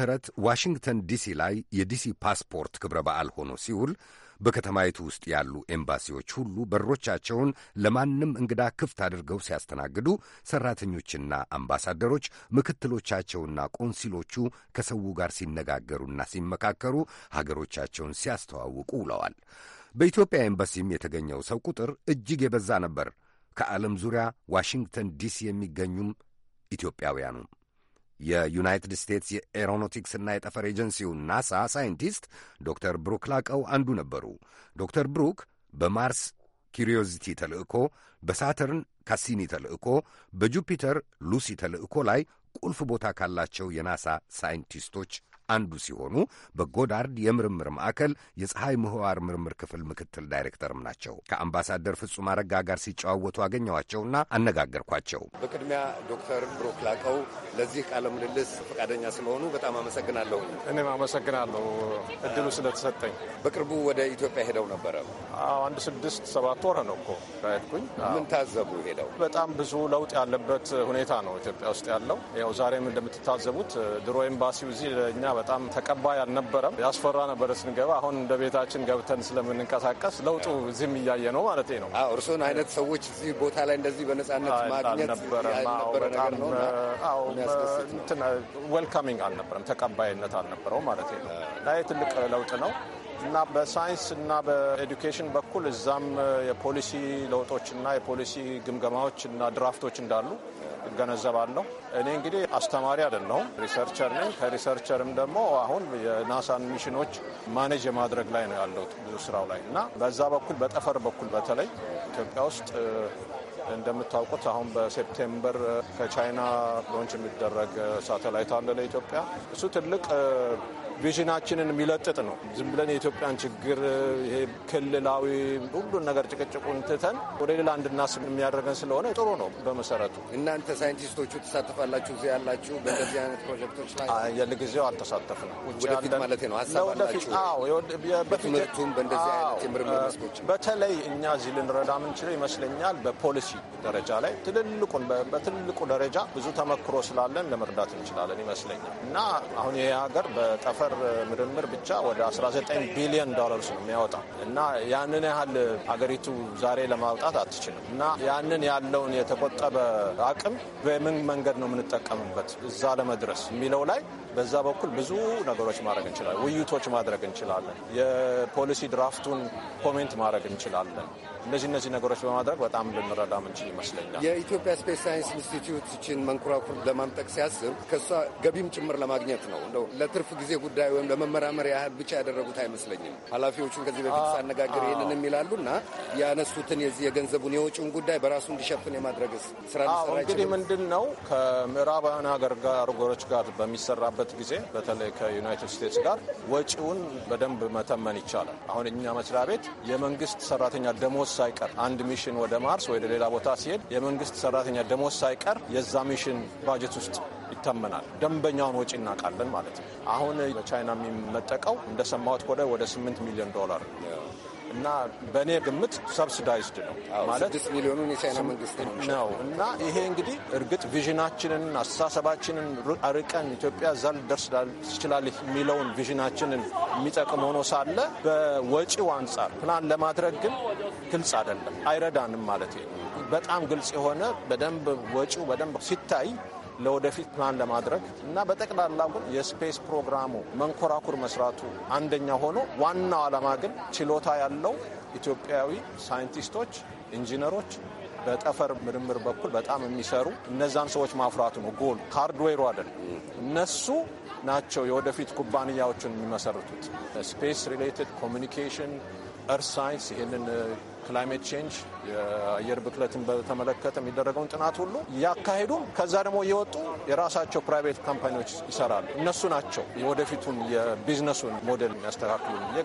ዋሽንግተን ዲሲ ላይ የዲሲ ፓስፖርት ክብረ በዓል ሆኖ ሲውል በከተማይቱ ውስጥ ያሉ ኤምባሲዎች ሁሉ በሮቻቸውን ለማንም እንግዳ ክፍት አድርገው ሲያስተናግዱ፣ ሰራተኞችና አምባሳደሮች ምክትሎቻቸውና ቆንሲሎቹ ከሰው ጋር ሲነጋገሩና ሲመካከሩ ሀገሮቻቸውን ሲያስተዋውቁ ውለዋል። በኢትዮጵያ ኤምባሲም የተገኘው ሰው ቁጥር እጅግ የበዛ ነበር። ከዓለም ዙሪያ ዋሽንግተን ዲሲ የሚገኙም ኢትዮጵያውያኑ የዩናይትድ ስቴትስ የኤሮኖቲክስና የጠፈር ኤጀንሲው ናሳ ሳይንቲስት ዶክተር ብሩክ ላቀው አንዱ ነበሩ። ዶክተር ብሩክ በማርስ ኪሪዮዚቲ ተልእኮ፣ በሳተርን ካሲኒ ተልእኮ፣ በጁፒተር ሉሲ ተልእኮ ላይ ቁልፍ ቦታ ካላቸው የናሳ ሳይንቲስቶች አንዱ ሲሆኑ በጎዳርድ የምርምር ማዕከል የፀሐይ ምህዋር ምርምር ክፍል ምክትል ዳይሬክተርም ናቸው። ከአምባሳደር ፍጹም አረጋ ጋር ሲጨዋወቱ አገኘኋቸውና አነጋገርኳቸው። በቅድሚያ ዶክተር ብሩክ ላቀው ለዚህ ቃለ ምልልስ ፈቃደኛ ስለሆኑ በጣም አመሰግናለሁ። እኔም አመሰግናለሁ እድሉ ስለተሰጠኝ። በቅርቡ ወደ ኢትዮጵያ ሄደው ነበረ። አንድ ስድስት ሰባት ወር ነው እኮ ሄድኩኝ። ምን ታዘቡ ሄደው? በጣም ብዙ ለውጥ ያለበት ሁኔታ ነው ኢትዮጵያ ውስጥ ያለው። ያው ዛሬም እንደምትታዘቡት ድሮ ኤምባሲው እዚህ ለእኛ በጣም ተቀባይ አልነበረም። ያስፈራ ነበረ ስንገባ። አሁን እንደ ቤታችን ገብተን ስለምንንቀሳቀስ ለውጡ እዚህም እያየ ነው ማለት ነው። እርስዎን አይነት ሰዎች እዚህ ቦታ ላይ እንደዚህ በነጻነት ማግኘት አልነበረም፣ ተቀባይነት አልነበረው ማለት ነው። ላይ ትልቅ ለውጥ ነው እና በሳይንስ እና በኤዱኬሽን በኩል እዛም የፖሊሲ ለውጦችና የፖሊሲ ግምገማዎች እና ድራፍቶች እንዳሉ እገነዘባለሁ። እኔ እንግዲህ አስተማሪ አይደለሁም፣ ሪሰርቸር ነኝ። ከሪሰርቸርም ደግሞ አሁን የናሳን ሚሽኖች ማኔጅ የማድረግ ላይ ነው ያለሁት ብዙ ስራው ላይ እና በዛ በኩል በጠፈር በኩል በተለይ ኢትዮጵያ ውስጥ እንደምታውቁት አሁን በሴፕቴምበር ከቻይና ሎንች የሚደረግ ሳተላይት አለ ለኢትዮጵያ። እሱ ትልቅ ቪዥናችንን የሚለጥጥ ነው። ዝም ብለን የኢትዮጵያን ችግር ይሄ ክልላዊ ሁሉን ነገር ጭቅጭቁን ትተን ወደ ሌላ እንድናስብ የሚያደርገን ስለሆነ ጥሩ ነው በመሰረቱ። እናንተ ሳይንቲስቶቹ ተሳተፋላችሁ እዚህ ያላችሁ በእንደዚህ አይነት ፕሮጀክቶች ላይ? የለጊዜው አልተሳተፍንም። ወደፊት ማለት ነው ሀሳብ በትምህርቱም በእንደዚህ አይነት የምርምር መስኮች በተለይ እኛ እዚህ ልንረዳ የምንችለው ይመስለኛል በፖሊሲ ደረጃ ላይ ትልልቁን በትልልቁ ደረጃ ብዙ ተመክሮ ስላለን ለመርዳት እንችላለን ይመስለኛል እና አሁን ይሄ ሀገር በጠፈ የካንሰር ምርምር ብቻ ወደ 19 ቢሊዮን ዶላርስ ነው የሚያወጣው እና ያንን ያህል አገሪቱ ዛሬ ለማውጣት አትችልም እና ያንን ያለውን የተቆጠበ አቅም በምን መንገድ ነው የምንጠቀምበት እዛ ለመድረስ የሚለው ላይ በዛ በኩል ብዙ ነገሮች ማድረግ እንችላለን። ውይይቶች ማድረግ እንችላለን። የፖሊሲ ድራፍቱን ኮሜንት ማድረግ እንችላለን። እነዚህ እነዚህ ነገሮች በማድረግ በጣም ልንረዳ ምንችል ይመስለኛል። የኢትዮጵያ ስፔስ ሳይንስ ኢንስቲትዩት ችን መንኮራኩር ለማምጠቅ ሲያስብ ከእሷ ገቢም ጭምር ለማግኘት ነው። እንደው ለትርፍ ጊዜ ጉዳይ ወይም ለመመራመር ያህል ብቻ ያደረጉት አይመስለኝም። ኃላፊዎቹን ከዚህ በፊት ሳነጋግር ይህንንም ይላሉ እና ያነሱትን የዚህ የገንዘቡን የወጪውን ጉዳይ በራሱ እንዲሸፍን የማድረግስ ስራ ሊሰራ እንግዲህ ምንድን ነው ከምዕራባውያን ሀገር ጋር ጎሮች ጋር በሚሰራበት ጊዜ በተለይ ከዩናይትድ ስቴትስ ጋር ወጪውን በደንብ መተመን ይቻላል። አሁን እኛ መስሪያ ቤት የመንግስት ሰራተኛ ደሞዝ ሳይቀር አንድ ሚሽን ወደ ማርስ ወደ ሌላ ቦታ ሲሄድ የመንግስት ሰራተኛ ደሞዝ ሳይቀር የዛ ሚሽን ባጀት ውስጥ ይተመናል። ደንበኛውን ወጪ እናውቃለን ማለት ነው። አሁን በቻይና የሚመጠቀው እንደሰማሁት ከሆነ ወደ 8 ሚሊዮን ዶላር እና በእኔ ግምት ሰብስዳይዝድ ነው ማለት ሚሊዮኑን የቻይና መንግስት ነው። እና ይሄ እንግዲህ እርግጥ ቪዥናችንን አስተሳሰባችንን አርቀን ኢትዮጵያ እዛ ልደርስ ትችላል የሚለውን ቪዥናችንን የሚጠቅም ሆኖ ሳለ በወጪው አንጻር ፕላን ለማድረግ ግን ግልጽ አይደለም፣ አይረዳንም ማለት በጣም ግልጽ የሆነ በደንብ ወጪው በደንብ ሲታይ ለወደፊት ፕላን ለማድረግ እና በጠቅላላ ግን የስፔስ ፕሮግራሙ መንኮራኩር መስራቱ አንደኛ ሆኖ ዋናው ዓላማ ግን ችሎታ ያለው ኢትዮጵያዊ ሳይንቲስቶች፣ ኢንጂነሮች በጠፈር ምርምር በኩል በጣም የሚሰሩ እነዛን ሰዎች ማፍራቱ ነው ጎል። ሃርድዌሩ አይደል። እነሱ ናቸው የወደፊት ኩባንያዎችን የሚመሰርቱት ስፔስ ሪሌትድ ኮሚኒኬሽን፣ ሳይንስ ይህንን ክላይሜት ቼንጅ የአየር ብክለትን በተመለከተ የሚደረገውን ጥናት ሁሉ ያካሄዱም ከዛ ደግሞ የወጡ የራሳቸው ፕራይቬት ካምፓኒዎች ይሰራሉ። እነሱ ናቸው የወደፊቱን የቢዝነሱን ሞዴል የሚያስተካክሉ ብዬ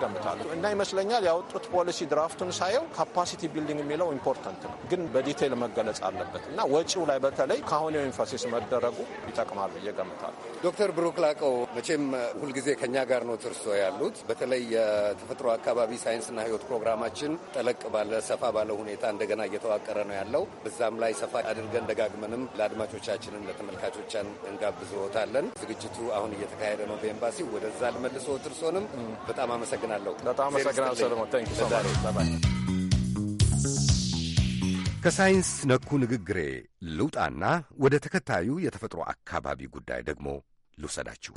እና ይመስለኛል ያወጡት ፖሊሲ ድራፍቱን ሳየው ካፓሲቲ ቢልዲንግ የሚለው ኢምፖርታንት ነው፣ ግን በዲቴይል መገለጽ አለበት እና ወጪው ላይ በተለይ ከአሁኔው ኢንፋሲስ መደረጉ ይጠቅማሉ እየገምታሉ። ዶክተር ብሩክ ላቀው መቼም ሁልጊዜ ከኛ ጋር ነው ትርሶ ያሉት በተለይ የተፈጥሮ አካባቢ ሳይንስና ህይወት ፕሮግራማችን ጠለቅ ባለ ለሰፋ ባለ ሁኔታ እንደገና እየተዋቀረ ነው ያለው። በዛም ላይ ሰፋ አድርገን ደጋግመንም ለአድማጮቻችንም ለተመልካቾቻን እንጋብዝዎታለን። ዝግጅቱ አሁን እየተካሄደ ነው በኤምባሲ ወደዛ ልመልስዎት። እርስዎንም በጣም አመሰግናለሁ። በጣም አመሰግናለሁ ከሳይንስ ነኩ ንግግሬ ልውጣና ወደ ተከታዩ የተፈጥሮ አካባቢ ጉዳይ ደግሞ ልውሰዳችሁ።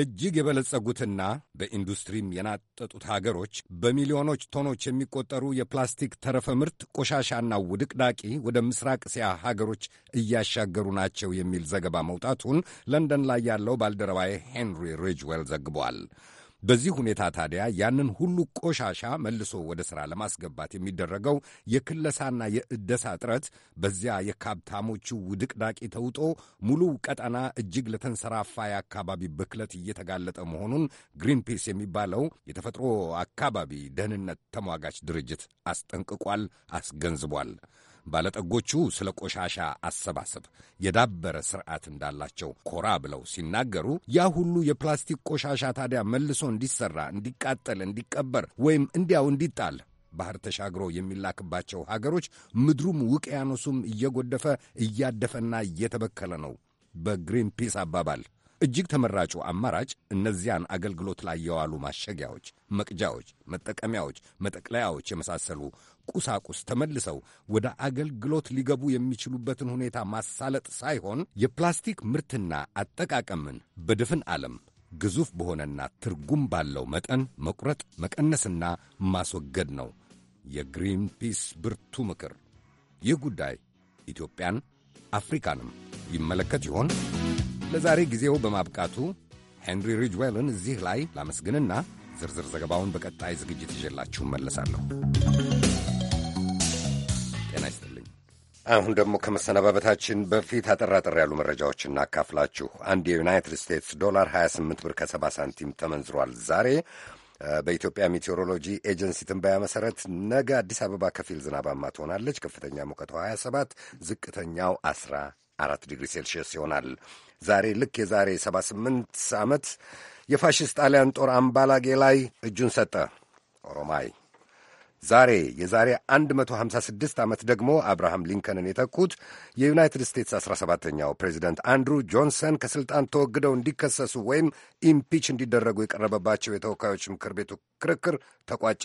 እጅግ የበለጸጉትና በኢንዱስትሪም የናጠጡት ሀገሮች በሚሊዮኖች ቶኖች የሚቆጠሩ የፕላስቲክ ተረፈ ምርት ቆሻሻና ውድቅዳቂ ወደ ምስራቅ እስያ ሀገሮች እያሻገሩ ናቸው የሚል ዘገባ መውጣቱን ለንደን ላይ ያለው ባልደረባዬ ሄንሪ ሪጅዌል ዘግቧል። በዚህ ሁኔታ ታዲያ ያንን ሁሉ ቆሻሻ መልሶ ወደ ሥራ ለማስገባት የሚደረገው የክለሳና የእደሳ ጥረት በዚያ የካብታሞቹ ውድቅዳቂ ተውጦ ሙሉ ቀጠና እጅግ ለተንሰራፋ የአካባቢ ብክለት እየተጋለጠ መሆኑን ግሪንፒስ የሚባለው የተፈጥሮ አካባቢ ደህንነት ተሟጋች ድርጅት አስጠንቅቋል፣ አስገንዝቧል። ባለጠጎቹ ስለ ቆሻሻ አሰባሰብ የዳበረ ስርዓት እንዳላቸው ኮራ ብለው ሲናገሩ ያ ሁሉ የፕላስቲክ ቆሻሻ ታዲያ መልሶ እንዲሰራ፣ እንዲቃጠል፣ እንዲቀበር ወይም እንዲያው እንዲጣል ባህር ተሻግሮ የሚላክባቸው ሀገሮች ምድሩም ውቅያኖሱም እየጎደፈ እያደፈና እየተበከለ ነው። በግሪንፒስ አባባል እጅግ ተመራጩ አማራጭ እነዚያን አገልግሎት ላይ የዋሉ ማሸጊያዎች፣ መቅጃዎች፣ መጠቀሚያዎች፣ መጠቅለያዎች የመሳሰሉ ቁሳቁስ ተመልሰው ወደ አገልግሎት ሊገቡ የሚችሉበትን ሁኔታ ማሳለጥ ሳይሆን የፕላስቲክ ምርትና አጠቃቀምን በድፍን ዓለም ግዙፍ በሆነና ትርጉም ባለው መጠን መቁረጥ፣ መቀነስና ማስወገድ ነው የግሪን ፒስ ብርቱ ምክር። ይህ ጉዳይ ኢትዮጵያን አፍሪካንም ይመለከት ይሆን? ለዛሬ ጊዜው በማብቃቱ ሄንሪ ሪጅዌልን እዚህ ላይ ላመስግንና ዝርዝር ዘገባውን በቀጣይ ዝግጅት ይዤላችሁ መለሳለሁ። አሁን ደግሞ ከመሰነባበታችን በፊት አጠራጠር ያሉ መረጃዎች እናካፍላችሁ። አንድ የዩናይትድ ስቴትስ ዶላር 28 ብር ከ70 ሳንቲም ተመንዝሯል ዛሬ በኢትዮጵያ ሜቴዎሮሎጂ ኤጀንሲ ትንበያ መሰረት ነገ አዲስ አበባ ከፊል ዝናባማ ትሆናለች። ከፍተኛ ሙቀቷ 27፣ ዝቅተኛው 14 ዲግሪ ሴልሺየስ ይሆናል። ዛሬ ልክ የዛሬ 78 ዓመት የፋሽስት ጣሊያን ጦር አምባላጌ ላይ እጁን ሰጠ። ኦሮማይ ዛሬ የዛሬ 156 ዓመት ደግሞ አብርሃም ሊንከንን የተኩት የዩናይትድ ስቴትስ 17ኛው ፕሬዚደንት አንድሩ ጆንሰን ከሥልጣን ተወግደው እንዲከሰሱ ወይም ኢምፒች እንዲደረጉ የቀረበባቸው የተወካዮች ምክር ቤቱ ክርክር ተቋጨ።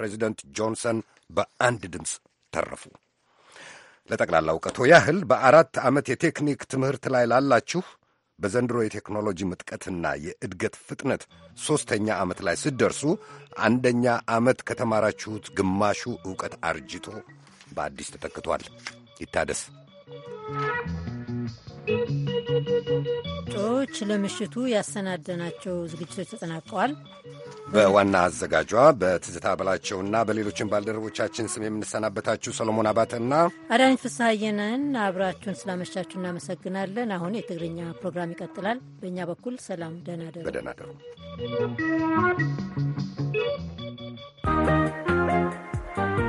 ፕሬዚደንት ጆንሰን በአንድ ድምፅ ተረፉ። ለጠቅላላ እውቀቶ ያህል በአራት ዓመት የቴክኒክ ትምህርት ላይ ላላችሁ በዘንድሮ የቴክኖሎጂ ምጥቀትና የእድገት ፍጥነት ሦስተኛ ዓመት ላይ ስትደርሱ አንደኛ ዓመት ከተማራችሁት ግማሹ ዕውቀት አርጅቶ በአዲስ ተተክቷል። ይታደስ። አድማጮች ለምሽቱ ያሰናደናቸው ዝግጅቶች ተጠናቀዋል። በዋና አዘጋጇ በትዝታ በላቸውና በሌሎችን ባልደረቦቻችን ስም የምንሰናበታችሁ ሰሎሞን አባተና አዳነች ፍስሐየንን አብራችሁን ስላመሻችሁ እናመሰግናለን። አሁን የትግርኛ ፕሮግራም ይቀጥላል። በእኛ በኩል ሰላም፣ ደህና ደሩ።